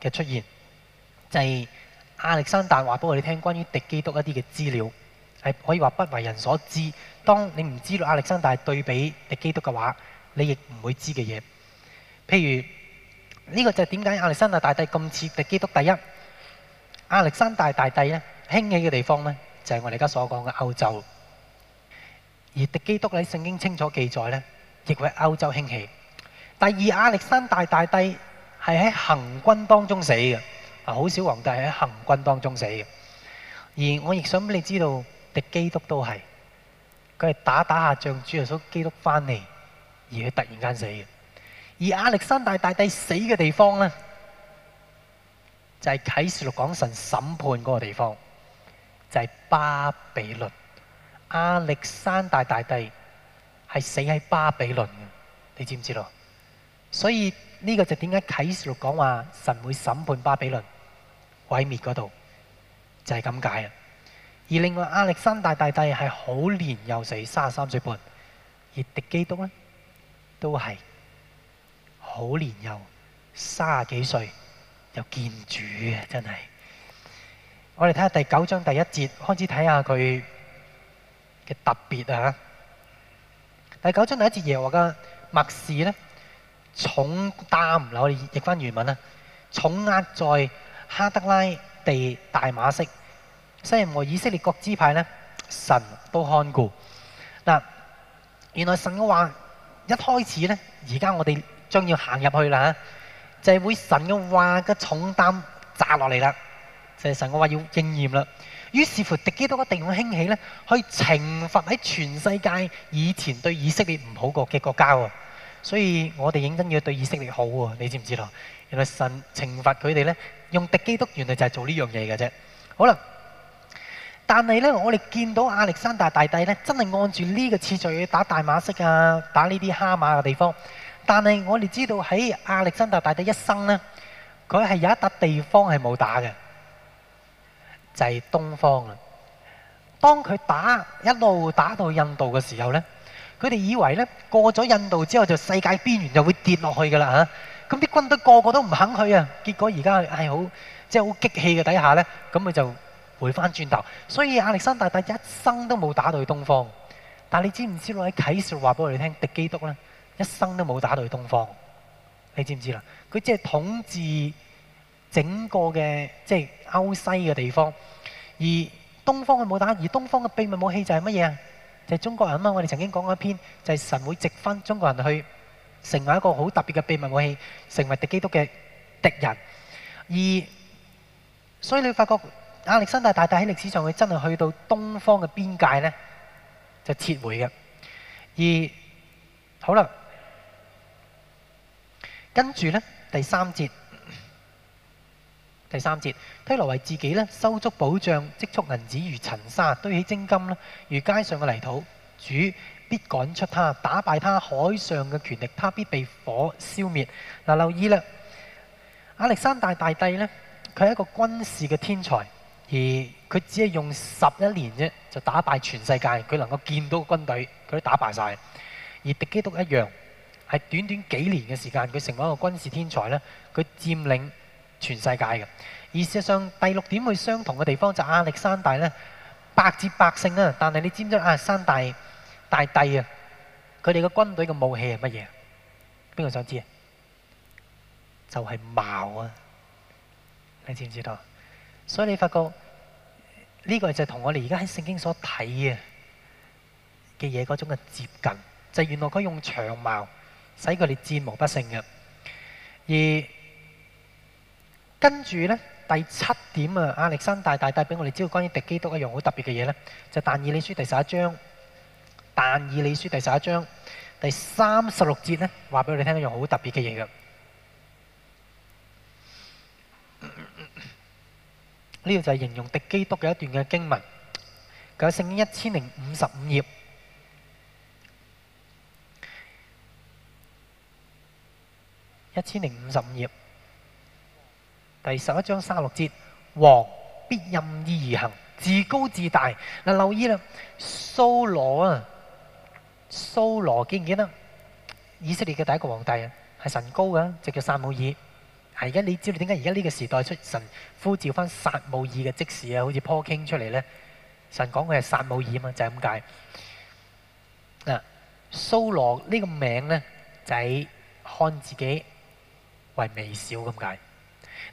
嘅出現，就係亞歷山大話俾我哋聽關於敵基督一啲嘅資料，係可以話不為人所知。當你唔知道亞歷山大對比敵基督嘅話，你亦唔會知嘅嘢。譬如呢個就係點解亞歷山大大帝咁似敵基督第一？亞歷山大大帝咧興起嘅地方咧，就係我哋而家所講嘅歐洲。而敵基督喺聖經清楚記載咧，亦會喺歐洲興起。第二，亞歷山大大帝係喺行軍當中死嘅，啊，好少皇帝係喺行軍當中死嘅。而我亦想俾你知道，敵基督都係佢係打打下仗，主耶穌基督翻嚟，而佢突然間死嘅。而亞歷山大大帝死嘅地方咧。就係啟示錄講神審判嗰個地方，就係巴比倫。亞歷山大大帝係死喺巴比倫嘅，你知唔知道？所以呢個就點解啟示錄講話神會審判巴比倫、毀滅嗰度，就係咁解啊！而另外亞歷山大大帝係好年幼死，三十三歲半；而敵基督呢，都係好年幼，三十幾歲。有見主啊！真係，我哋睇下第九章第一節，開始睇下佢嘅特別啊！第九章第一節，耶和華嘅默示咧，重擔唔係，我哋譯翻原文啦，重壓在哈德拉地大馬色。西然我以色列各支派咧，神都看顧。嗱，原來神嘅話，一開始呢，而家我哋將要行入去啦。就係、是、會神嘅話嘅重擔砸落嚟啦，就係神嘅話要應驗啦。於是乎，敵基督一定會興起咧，去懲罰喺全世界以前對以色列唔好過嘅國家喎。所以我哋認真要對以色列好喎、啊，你知唔知道？原來神懲罰佢哋咧，用敵基督原來就係做呢樣嘢嘅啫。好啦，但係咧，我哋見到亞歷山大大帝咧，真係按住呢個次序去打大馬色啊，打呢啲哈馬嘅地方。但係我哋知道喺亞歷山大大帝一生咧，佢係有一笪地方係冇打嘅，就係東方啦。當佢打一路打到印度嘅時候咧，佢哋以為咧，過咗印度之後就世界邊緣就會跌落去噶啦嚇。咁啲軍隊個個都唔肯去啊，結果而家係好即係好激氣嘅底下咧，咁佢就回返轉頭。所以亞歷山大帝一生都冇打到去東方。但係你知唔知道我喺啟示話俾我哋聽，敵基督咧？一生都冇打到去東方，你知唔知啦？佢即係統治整個嘅即係歐西嘅地方，而東方佢冇打，而東方嘅秘密武器就係乜嘢啊？就係中國人啊嘛！我哋曾經講過一篇，就係神會直翻中國人去成為一個好特別嘅秘密武器，成為敵基督嘅敵人。而所以你發覺亞歷山大大帝喺歷史上佢真係去到東方嘅邊界呢？就撤回嘅。而好啦。跟住呢，第三節，第三節，推羅為自己咧收足保障、積蓄銀子如塵沙，堆起精金咧，如街上嘅泥土。主必趕出他，打敗他，海上嘅權力，他必被火消滅。嗱、啊，留意啦，亞歷山大大帝呢，佢係一個軍事嘅天才，而佢只係用十一年啫就打敗全世界，佢能夠見到嘅軍隊，佢都打敗晒。而敵基督一樣。係短短幾年嘅時間，佢成為一個軍事天才咧，佢佔領全世界嘅。而事實上，第六點會相同嘅地方就係亞歷山大呢，百戰百勝啊！但係你知唔知亞歷山大大帝啊？佢哋嘅軍隊嘅武器係乜嘢？邊個想知啊？就係矛啊！你知唔知道？所以你發覺呢個就同我哋而家喺聖經所睇嘅嘅嘢嗰種嘅接近，就是原來佢用長矛。使佢哋戰無不勝嘅。而跟住咧第七點啊，亞歷山大大帝俾我哋知道關於敵基督一樣好特別嘅嘢咧，就係但以理書第十一章，但以理書第十一章第三十六節咧，話俾我哋聽一樣好特別嘅嘢嘅。呢度就係形容敵基督嘅一段嘅經文，佢喺聖經一千零五十五頁。一千零五十五頁，第十一章三十六節，王必任意而行，自高自大。嗱，留意啦，掃羅啊，掃羅，記唔記得？以色列嘅第一個皇帝啊，係神膏嘅，就叫撒母耳。但而家你知道點解而家呢個時代出神呼召返撒母耳嘅職事啊？好似坡 king 出嚟咧，神講佢係撒母耳啊嘛，就係咁解。嗱，掃羅呢個名咧就係、是、看自己。為微笑咁解，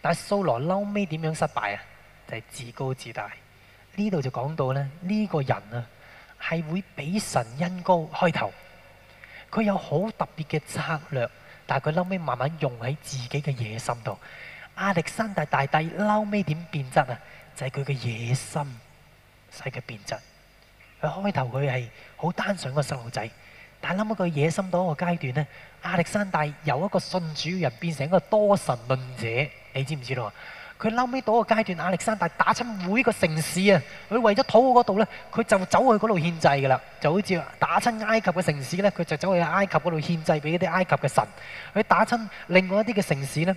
但掃羅嬲尾點樣失敗啊？就係、是、自高自大。呢度就講到咧，呢個人啊係會比神恩高開頭，佢有好特別嘅策略，但係佢嬲尾慢慢用喺自己嘅野心度。亞歷山大大帝嬲尾點變質啊？就係佢嘅野心使佢、就是、變質。佢開頭佢係好單純個細路仔，但係諗到佢野心到一個階段呢。亞歷山大由一個信主人變成一個多神論者，你知唔知道？佢嬲尾到個階段，亞歷山大打親每一個城市啊！佢為咗討好嗰度咧，佢就走去嗰度獻祭㗎啦。就好似打親埃及嘅城市咧，佢就走去埃及嗰度獻祭俾啲埃及嘅神。佢打親另外一啲嘅城市咧。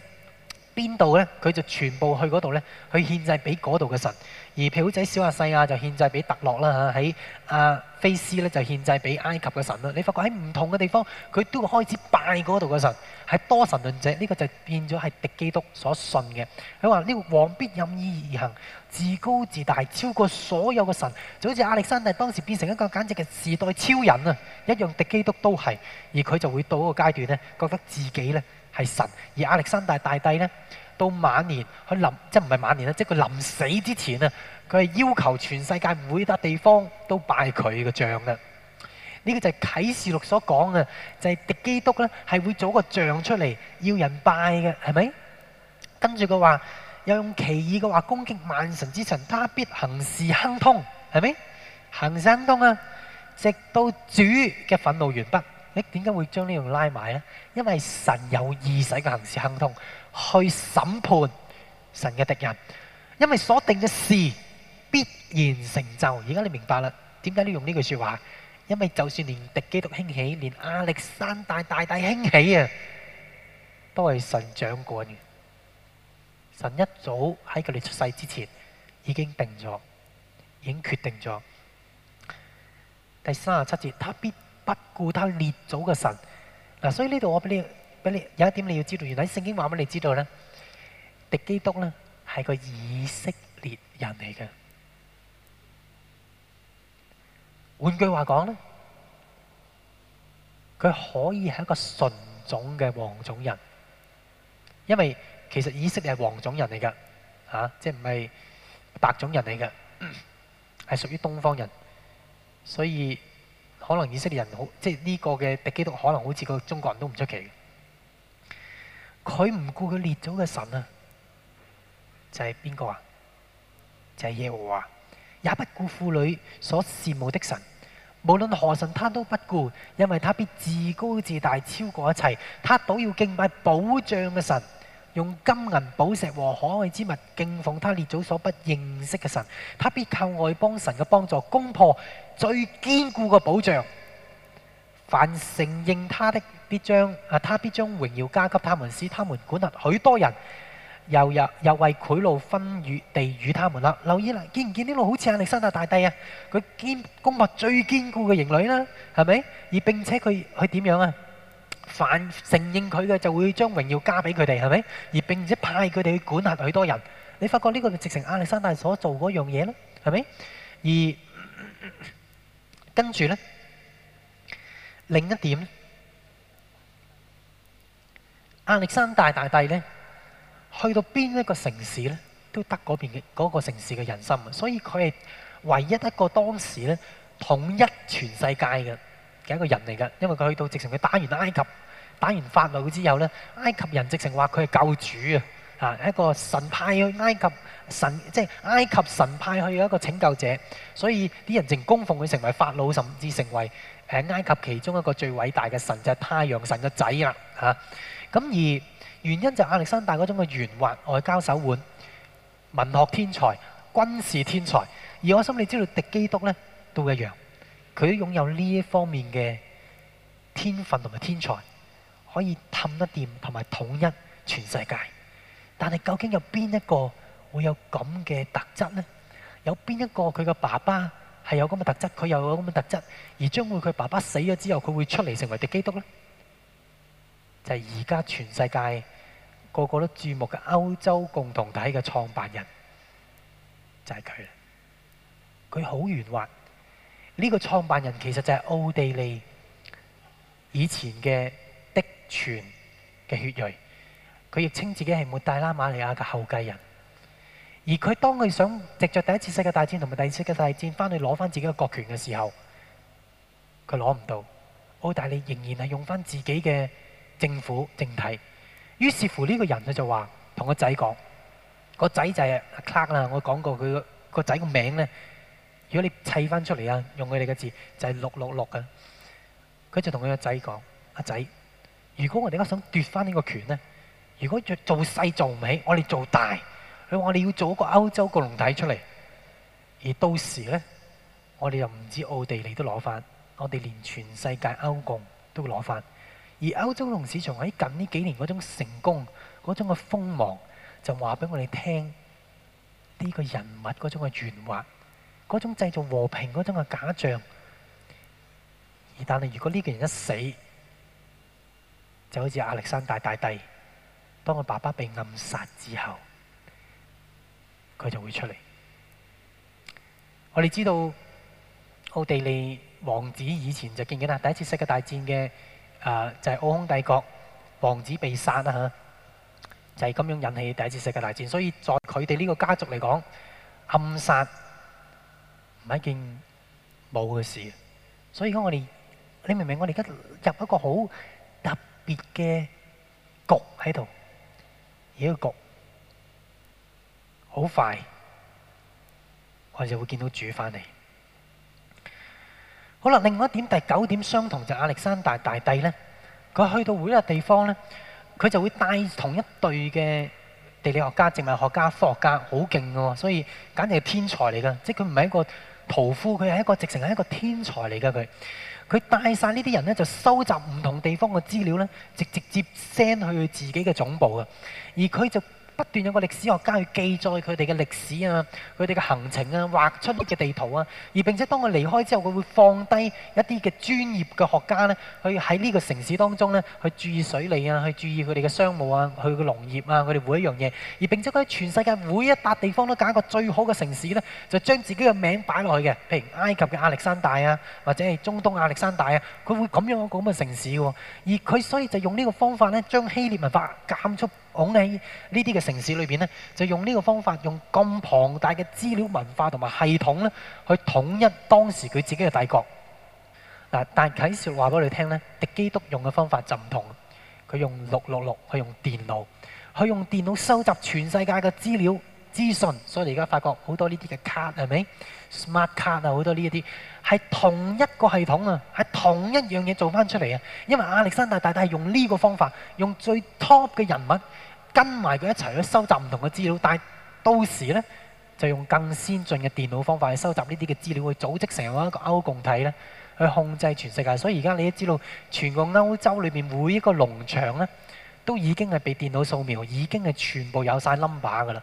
邊度呢？佢就全部去嗰度呢，去獻祭俾嗰度嘅神。而譬如小亞細亞就獻祭俾特洛啦嚇，喺阿、啊、菲斯呢，就獻祭俾埃及嘅神啦。你發覺喺唔同嘅地方，佢都會開始拜嗰度嘅神。係多神論者，呢、這個就變咗係敵基督所信嘅。佢話呢個王必任意而行，自高自大，超過所有嘅神。就好似亞歷山大當時變成一個簡直嘅時代超人啊！一樣敵基督都係，而佢就會到一個階段呢，覺得自己呢，係神，而亞歷山大大帝呢，到晚年佢臨，即係唔係晚年啦，即係佢臨死之前啊，佢係要求全世界每笪地方都拜佢個像噶。呢、這個就係啟示錄所講嘅，就係、是、敵基督呢係會做個像出嚟要人拜嘅，係咪？跟住佢話又用奇異嘅話攻擊萬神之神，他必行事亨通，係咪？行事亨通啊，直到主嘅憤怒完畢。誒，點解會將呢樣拉埋咧？因為神有意使佢行事亨通，去審判神嘅敵人。因為所定嘅事必然成就。而家，你明白啦，點解你用呢句說話？因為就算連敵基督興起，連亞歷山大大帝興起啊，都係神掌管嘅。神一早喺佢哋出世之前已經定咗，已經決定咗。第三十七節，他必。不顧他列祖嘅神，嗱、啊，所以呢度我俾你俾你有一點你要知道，原來聖經話俾你，你知道咧？敵基督咧係個以色列人嚟嘅。換句話講咧，佢可以係一個純種嘅黃種人，因為其實以色列係黃種人嚟噶，吓、啊，即係唔係白種人嚟嘅，係屬於東方人，所以。可能以色列人好，即係呢個嘅敵基督，可能好似個中國人都唔出奇的。佢唔顧佢列祖嘅神啊，就係邊個啊？就係、是、耶和華，也不顧婦女所羨慕的神，無論何神他都不顧，因為他必自高自大，超過一切，他都要敬拜保障嘅神。用金銀寶石和可愛之物敬奉他列祖所不認識嘅神，他必靠外邦神嘅幫助攻破最堅固嘅保障。凡承認他的，必將啊，他必將榮耀加給他們，使他們管轄許多人。又又又為賄賂分與地與他們啦。留意啦，見唔見呢度好似亞歷山大大帝啊？佢堅攻破最堅固嘅營壘啦，係咪？而並且佢佢點樣啊？反承認佢嘅，就會將榮耀加俾佢哋，係咪？而並且派佢哋去管轄許多人，你發覺呢個直情亞歷山大所做嗰樣嘢咯，係咪？而跟住、嗯嗯、呢，另一點呢，亞歷山大大帝呢，去到邊一個城市呢，都得嗰邊嘅嗰、嗰個城市嘅人心啊，所以佢係唯一一個當時呢統一全世界嘅。嘅一個人嚟噶，因為佢去到直情佢打完埃及，打完法老之後咧，埃及人直情話佢係救主啊！啊，一個神派去埃及神，即係埃及神派去一個拯救者，所以啲人淨供奉佢成為法老，甚至成為誒埃及其中一個最偉大嘅神，就係太陽神嘅仔啦！嚇咁而原因就係亞歷山大嗰種嘅圓滑外交手腕、文學天才、軍事天才，而我心你知道敵基督咧都一樣。佢都擁有呢一方面嘅天分同埋天才，可以氹得掂同埋統一全世界。但係究竟有邊一個會有咁嘅特質呢？有邊一個佢嘅爸爸係有咁嘅特質，佢又有咁嘅特質，而將會佢爸爸死咗之後，佢會出嚟成為敵基督呢？就係而家全世界個個都注目嘅歐洲共同體嘅創辦人，就係佢。佢好圓滑。呢、這個創辦人其實就係奧地利以前嘅嫡傳嘅血裔，佢亦稱自己係抹大拉馬利亞嘅後繼人。而佢當佢想藉着第一次世界大戰同埋第二次世界大戰翻去攞翻自己嘅國權嘅時候，佢攞唔到。奧地利仍然係用翻自己嘅政府政體。於是乎呢個人佢就話同個仔講，個仔就係阿克拉啦。我講過佢個仔個名字呢。如果你砌翻出嚟啊，用佢哋嘅字就係六六六啊。佢就同佢個仔講：阿仔，如果我哋而家想奪翻呢個權呢，如果若做細做唔起，我哋做大。佢話：我哋要做一個歐洲個龍體出嚟，而到時呢，我哋又唔止奧地利都攞翻，我哋連全世界歐共都攞翻。而歐洲龍市場喺近呢幾年嗰種成功、嗰種嘅鋒芒，就話俾我哋聽呢個人物嗰種嘅圓滑。嗰種製造和平嗰種嘅假象，而但係如果呢個人一死，就好似亞歷山大大帝，當佢爸爸被暗殺之後，佢就會出嚟。我哋知道奧地利王子以前就見過啦，第一次世界大戰嘅就係奧匈帝國王子被殺啦嚇，就係咁樣引起第一次世界大戰。所以在佢哋呢個家族嚟講，暗殺，唔係一件冇嘅事，所以講我哋，你明唔明？我哋而家入一個好特別嘅局喺度，而個局好快，我哋就會見到主翻嚟。好啦，另外一點，第九點相同就亞歷山大大帝呢，佢去到每一個地方呢，佢就會帶同一隊嘅地理學家、植物學家、科學家，好勁噶，所以簡直係天才嚟噶，即係佢唔係一個。屠夫，佢係一個直情係一個天才嚟嘅，佢佢帶曬呢啲人咧，就收集唔同地方嘅資料咧，直直接 send 去佢自己嘅總部嘅，而佢就。不斷有個歷史學家去記載佢哋嘅歷史啊，佢哋嘅行程啊，畫出啲嘅地圖啊。而並且當佢離開之後，佢會放低一啲嘅專業嘅學家呢，去喺呢個城市當中呢，去注意水利啊，去注意佢哋嘅商務啊，去嘅農業啊，佢哋每一樣嘢。而並且佢喺全世界每一笪地方都揀一個最好嘅城市呢，就將自己嘅名擺落去嘅。譬如埃及嘅亞歷山大啊，或者係中東亞歷山大啊，佢會咁樣一個咁嘅城市喎、啊。而佢所以就用呢個方法呢，將希臘文化間速。我喺呢啲嘅城市裏邊咧，就用呢個方法，用咁龐大嘅資料文化同埋系統咧，去統一當時佢自己嘅帝國。嗱，但啟示話俾你聽咧，敵基督用嘅方法就唔同，佢用六六六，佢用電腦，佢用電腦收集全世界嘅資料。資訊，所以而家發覺好多呢啲嘅卡係咪 smart 卡啊？好多呢一啲係同一個系統啊，係同一樣嘢做翻出嚟啊！因為亞歷山大大帝係用呢個方法，用最 top 嘅人物跟埋佢一齊去收集唔同嘅資料，但係到時呢，就用更先進嘅電腦方法去收集呢啲嘅資料，去組織成一個歐共體咧，去控制全世界。所以而家你都知道，全個歐洲裏面每一個農場咧，都已經係被電腦掃描，已經係全部有晒 number 㗎啦。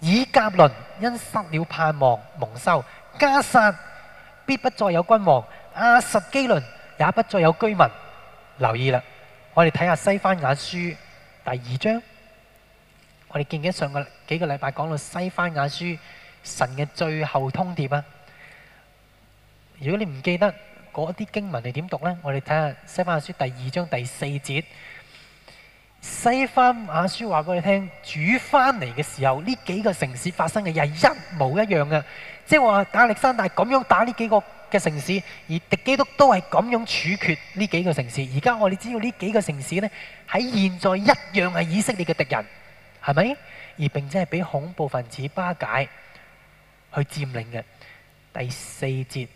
以甲倫因失了盼望蒙羞迦薩，必不再有君王；亞實基倫也不再有居民。留意啦，我哋睇下《西番雅書》第二章。我哋見咗上個幾個禮拜講到《西番雅書》神嘅最後通牒啊！如果你唔記得嗰啲經文，你點讀呢？我哋睇下《西番雅書》第二章第四節。西番雅書話俾你聽，主翻嚟嘅時候，呢幾個城市發生嘅又係一模一樣嘅，即係話亞歷山大咁樣打呢幾個嘅城市，而敵基督都係咁樣處決呢幾個城市。而家我哋知道呢幾個城市呢，喺現在一樣係以色列嘅敵人，係咪？而並且係俾恐怖分子巴解去佔領嘅。第四節，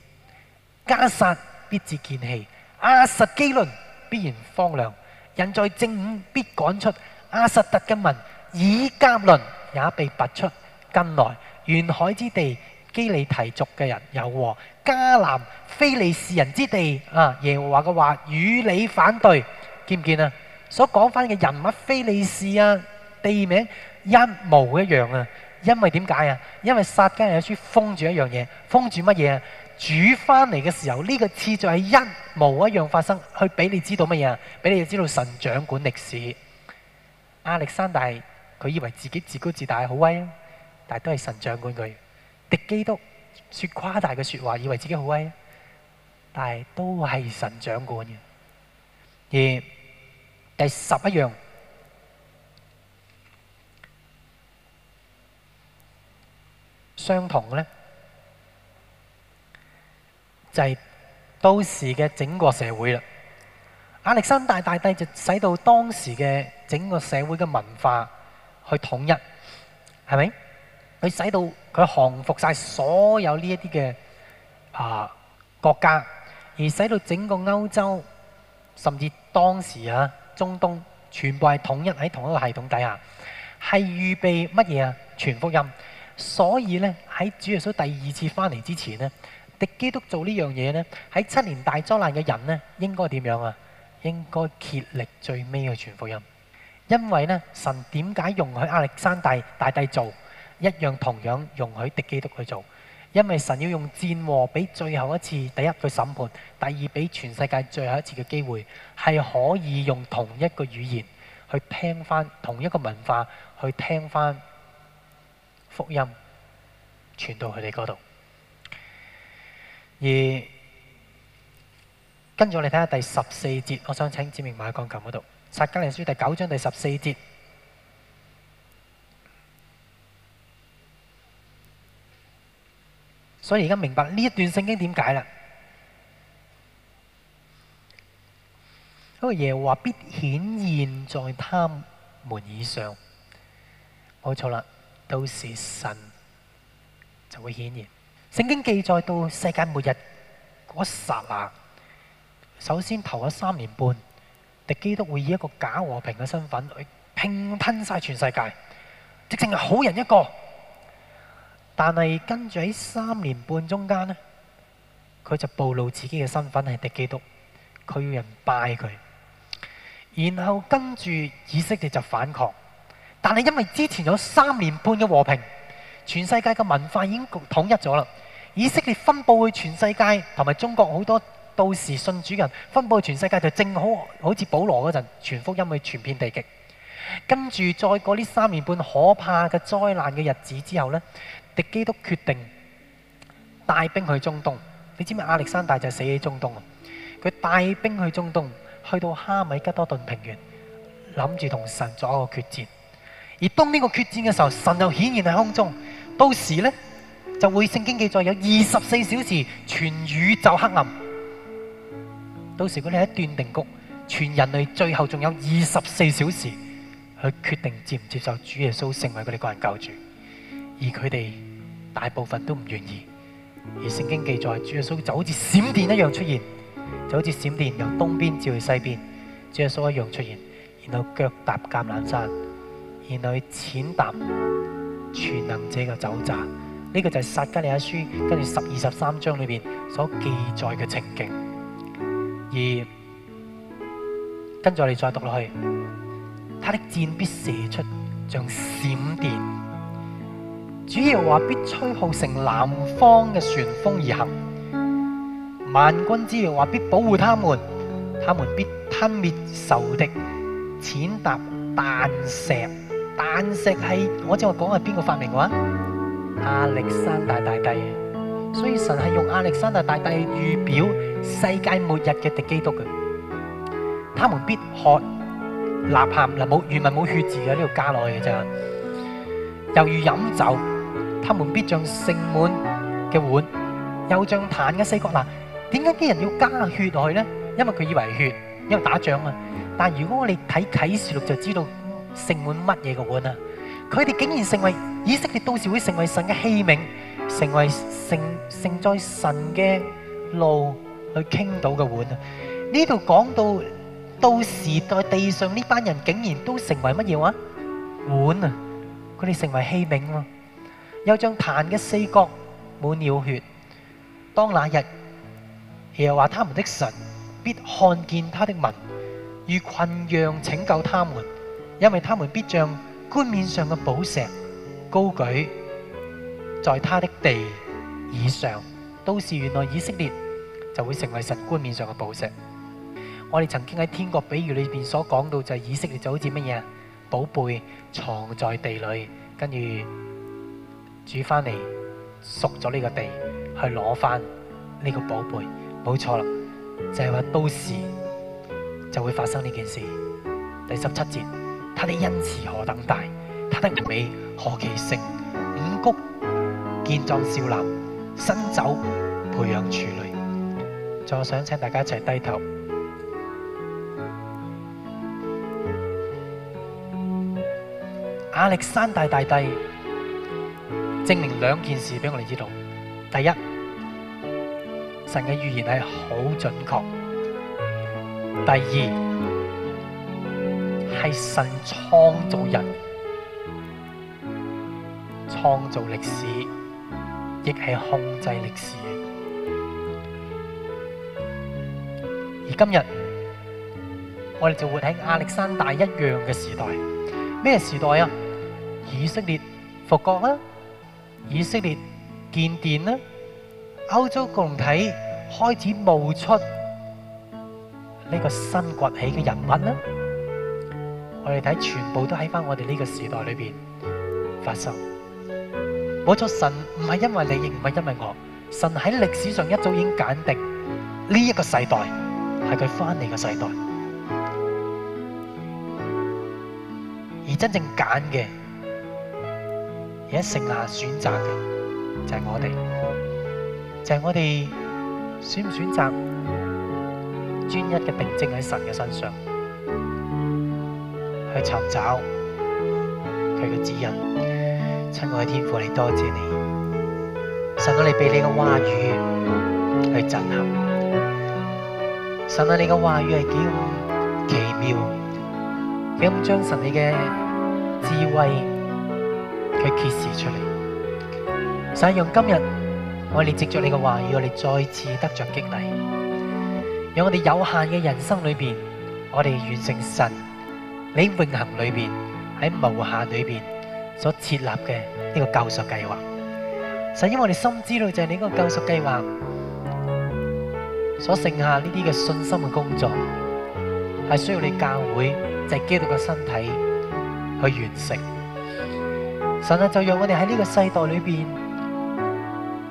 迦薩必致見棄，亞實基倫必然荒涼。人在正午必趕出亞實特嘅民，以迦倫也被拔出近來，沿海之地基利提族嘅人，又和迦南非利士人之地啊，耶和華嘅話與你反對。見唔見啊？所講翻嘅人物、非利士啊、地名一模一樣啊，因為點解啊？因為撒迦利亞書封住一樣嘢，封住乜嘢啊？煮翻嚟嘅時候，呢個次序係一模一樣發生，去俾你知道乜嘢啊？俾你知道神掌管歷史。亞歷山大佢以為自己自高自大好威，但係都係神掌管佢。敵基督說誇大嘅說話，以為自己好威，但係都係神掌管嘅。而第十一樣相同嘅咧。就係到時嘅整個社會啦。亞歷山大大帝就使到當時嘅整個社會嘅文化去統一，係咪？佢使到佢降服晒所有呢一啲嘅啊國家，而使到整個歐洲甚至當時啊中東全部係統一喺同一個系統底下，係預備乜嘢啊？全福音。所以呢，喺主耶穌第二次翻嚟之前呢。敵基督做呢樣嘢呢，喺七年大災難嘅人呢，應該點樣啊？應該竭力最尾去傳福音，因為呢，神點解容許亞歷山大大帝做，一樣同樣容許敵基督去做？因為神要用戰和俾最後一次，第一去審判，第二俾全世界最後一次嘅機會，係可以用同一個語言去聽翻，同一個文化去聽翻福音，傳到佢哋嗰度。而跟住我哋睇下第十四節，我想請志明買鋼琴嗰度《撒迦利亞書》第九章第十四節。所以而家明白呢一段聖經點解啦？因為耶和華必顯現在他們以上，冇錯啦，到時神就會顯現。聖經記載到世界末日嗰剎那，首先頭嗰三年半，敵基督會以一個假和平嘅身份去拼吞晒全世界，直情係好人一個。但係跟住喺三年半中間呢，佢就暴露自己嘅身份係敵基督，佢要人拜佢，然後跟住以色列就反抗。但係因為之前有三年半嘅和平，全世界嘅文化已經統一咗啦。以色列分佈去全世界，同埋中國好多到時信主人分佈去全世界，就正好好似保羅嗰陣傳福音去全遍地極。跟住再過呢三年半可怕嘅災難嘅日子之後呢，敵基督決定帶兵去中東。你知唔知亞歷山大就死喺中東啊？佢帶兵去中東，去到哈米吉多頓平原，諗住同神做一個決戰。而當呢個決戰嘅時候，神又顯現喺空中。到時呢。就會聖經記載有二十四小時全宇宙黑暗，到時佢哋一段定局，全人類最後仲有二十四小時去決定接唔接受主耶穌成為佢哋個人救主，而佢哋大部分都唔願意。而聖經記載主耶穌就好似閃電一樣出現，就好似閃電由東邊照去西邊，主耶穌一樣出現，然後腳踏橄欖山，然後去踐踏全能者嘅酒醡。呢、這個就係撒迦利亞書跟住十二十三章裏邊所記載嘅情景，而跟住我哋再讀落去，他的箭必射出像閃電，主耶和華必吹號乘南方嘅旋風而行，萬軍之耶和華必保護他們，他們必吞滅仇敵，踐踏彈石，彈石係我知我講係邊個發明嘅啊？亞歷山大大帝，所以神係用亞歷山大大帝預表世界末日嘅敵基督嘅，他們必喝、吶喊，嗱冇原文冇血字嘅，呢度加落去嘅啫。又如飲酒，他們必將盛滿嘅碗，又將壇嘅四角。嗱，點解啲人要加血落去咧？因為佢以為係血，因為打仗啊。但係如果你睇啟示錄就知道盛滿乜嘢嘅碗啊！佢哋竟然成為以色列，到時會成為神嘅器皿，成為承承載神嘅路去傾倒嘅碗啊！呢度講到到時代地上呢班人竟然都成為乜嘢話碗啊？佢哋成為器皿咯。又像壇嘅四角滿了血。當那日，耶和華他們的神必看見他的民，如羣羊拯救他們，因為他們必將冠冕上嘅寶石高舉在他的地以上，到時原來以色列就會成為神冠冕上嘅寶石。我哋曾經喺天國比喻裏邊所講到，就係以色列就好似乜嘢啊？寶貝藏在地裏，跟住煮翻嚟熟咗呢個地，去攞翻呢個寶貝，冇錯啦，就係、是、話到時就會發生呢件事。第十七節。他的恩慈何等大，他的美何其盛。五穀健壯少男，新酒培養處女。就係想請大家一齊低頭。亞歷山大大帝證明兩件事俾我哋知道：第一，神嘅預言係好準確；第二。係神創造人，創造歷史，亦係控制歷史。而今日，我哋就活喺亞歷山大一樣嘅時代。咩時代啊？以色列復國啦，以色列建殿啦，歐洲共同體開始冒出呢個新崛起嘅人物啦。我哋睇全部都喺翻我哋呢個時代裏邊發生。冇咗神，唔係因為你，亦唔係因為我，神喺歷史上一早已經揀定呢一、這個世代係佢翻嚟嘅世代，而真正揀嘅，而喺剩下選擇嘅就係我哋，就係、是、我哋、就是、選唔選擇專一嘅定睛喺神嘅身上。去尋找佢嘅指引，親愛嘅天父，你多謝你，神啊，你俾你嘅話語去震撼，神啊，你嘅話語係幾咁奇妙，幾咁將神你嘅智慧去揭示出嚟，想用今日我哋藉着你嘅話語，我哋再次得着激勵，讓我哋有限嘅人生裏邊，我哋完成神。你永恆裏邊喺無限裏邊所設立嘅呢個救贖計劃，神，因為我哋深知道就係你嗰個救贖計劃所剩下呢啲嘅信心嘅工作，係需要你教會借基督嘅身體去完成。神啊，就讓我哋喺呢個世代裏邊，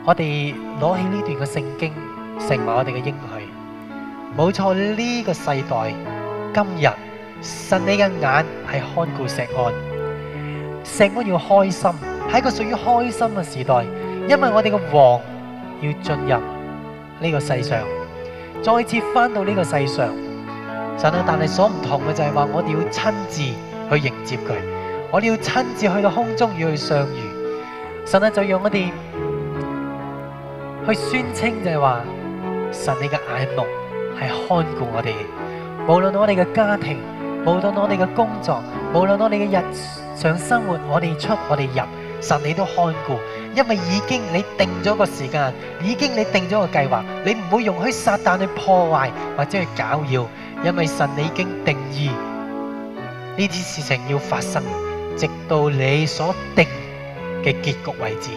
我哋攞起呢段嘅聖經，成為我哋嘅英去。冇錯，呢個世代今日。神你嘅眼係看顧錫安，錫安要開心，係一個屬於開心嘅時代，因為我哋嘅王要進入呢個世上，再次翻到呢個世上。神啊，但係所唔同嘅就係話，我哋要親自去迎接佢，我哋要親自去到空中要去相遇。神啊，就讓我哋去宣稱就係話，神你嘅眼目係看顧我哋，無論我哋嘅家庭，無論我哋嘅工作，無論我哋嘅日常生活，我哋出我哋入，神你都看顧，因為已經你定咗個時間，已經你定咗個計劃，你唔會容許撒旦去破壞或者去攪擾，因為神你已經定義呢啲事情要發生，直到你所定嘅結局為止。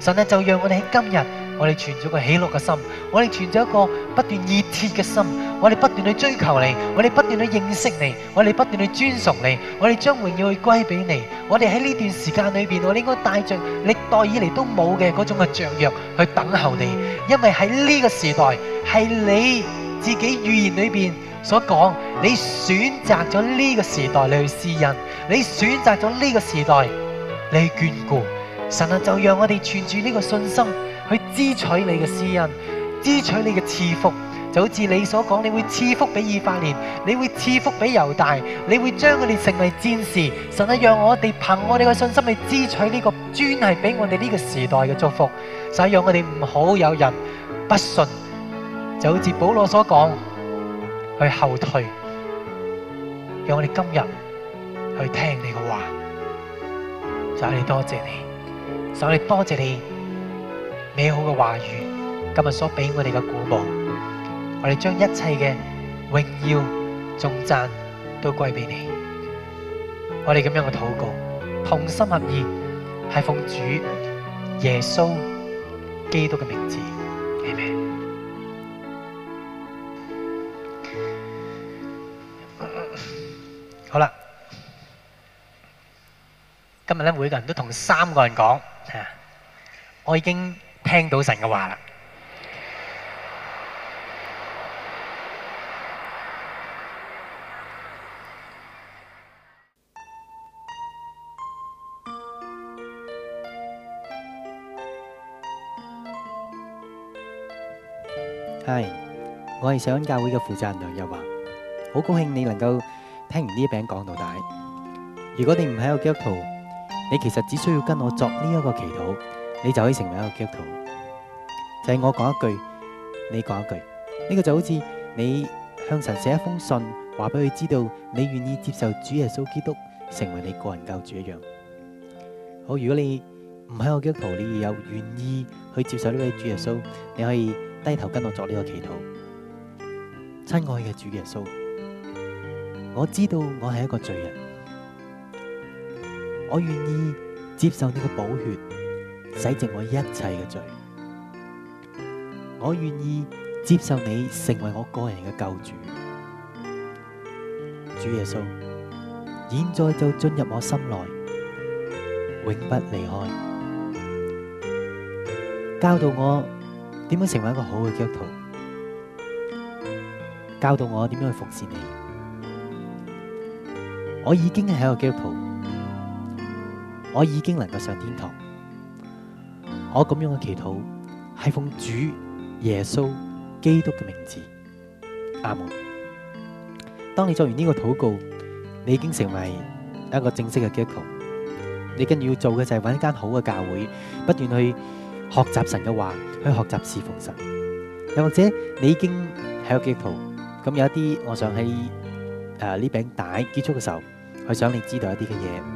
神呢，就讓我哋喺今日。我哋存咗個喜樂嘅心，我哋存咗一個不斷熱切嘅心，我哋不斷去追求你，我哋不斷去認識你，我哋不斷去尊崇你，我哋將永遠去歸俾你。我哋喺呢段時間裏邊，我哋應該帶着歷代以嚟都冇嘅嗰種嘅雀躍去等候你，因為喺呢個時代係你自己預言裏邊所講，你選擇咗呢個時代嚟去施恩，你選擇咗呢個時代嚟去眷顧，神啊，就讓我哋存住呢個信心，去支取你嘅施恩，支取你嘅賜福，就好似你所講，你會賜福俾以色列，你會賜福俾猶大，你會將佢哋成為戰士。神啊，讓我哋憑我哋嘅信心去支取呢個專係俾我哋呢個時代嘅祝福。神啊，讓我哋唔好有人不信，就好似保羅所講，去後退。讓我哋今日去聽你嘅話。神啊，你多謝你，神啊，你多謝你。美好嘅話語，今日所俾我哋嘅鼓舞，我哋將一切嘅榮耀、頌讚都歸俾你。我哋咁樣嘅禱告，同心合意，係奉主耶穌基督嘅名字。好啦，今日呢，每個人都同三個人講，我已經。聽到神嘅話啦。係，我係上恩教會嘅負責人梁又華，好高興你能夠聽完呢一餅講道帶。如果你唔喺個基督徒，你其實只需要跟我作呢一個祈禱。你就可以成為一個基督徒，就係、是、我講一句，你講一句，呢、這個就好似你向神寫一封信，話俾佢知道你願意接受主耶穌基督成為你個人救主一樣。好，如果你唔係我基督徒，你有願意去接受呢位主耶穌，你可以低頭跟我作呢個祈禱。親愛嘅主耶穌，我知道我係一個罪人，我願意接受你嘅寶血。洗淨我一切嘅罪，我願意接受你成為我個人嘅救主，主耶穌，現在就進入我心內，永不離開，教導我點樣成為一個好嘅基督徒，教導我點樣去服侍你，我已經係一個基督徒，我已經能夠上天堂。我咁樣嘅祈禱係奉主耶穌基督嘅名字，阿門。當你作完呢個禱告，你已經成為一個正式嘅基督徒。你跟住要做嘅就係揾一間好嘅教會，不斷去學習神嘅話，去學習侍奉神。又或者你已經係個基督徒，咁有一啲，我想喺誒呢餅帶結束嘅時候，我想你知道一啲嘅嘢。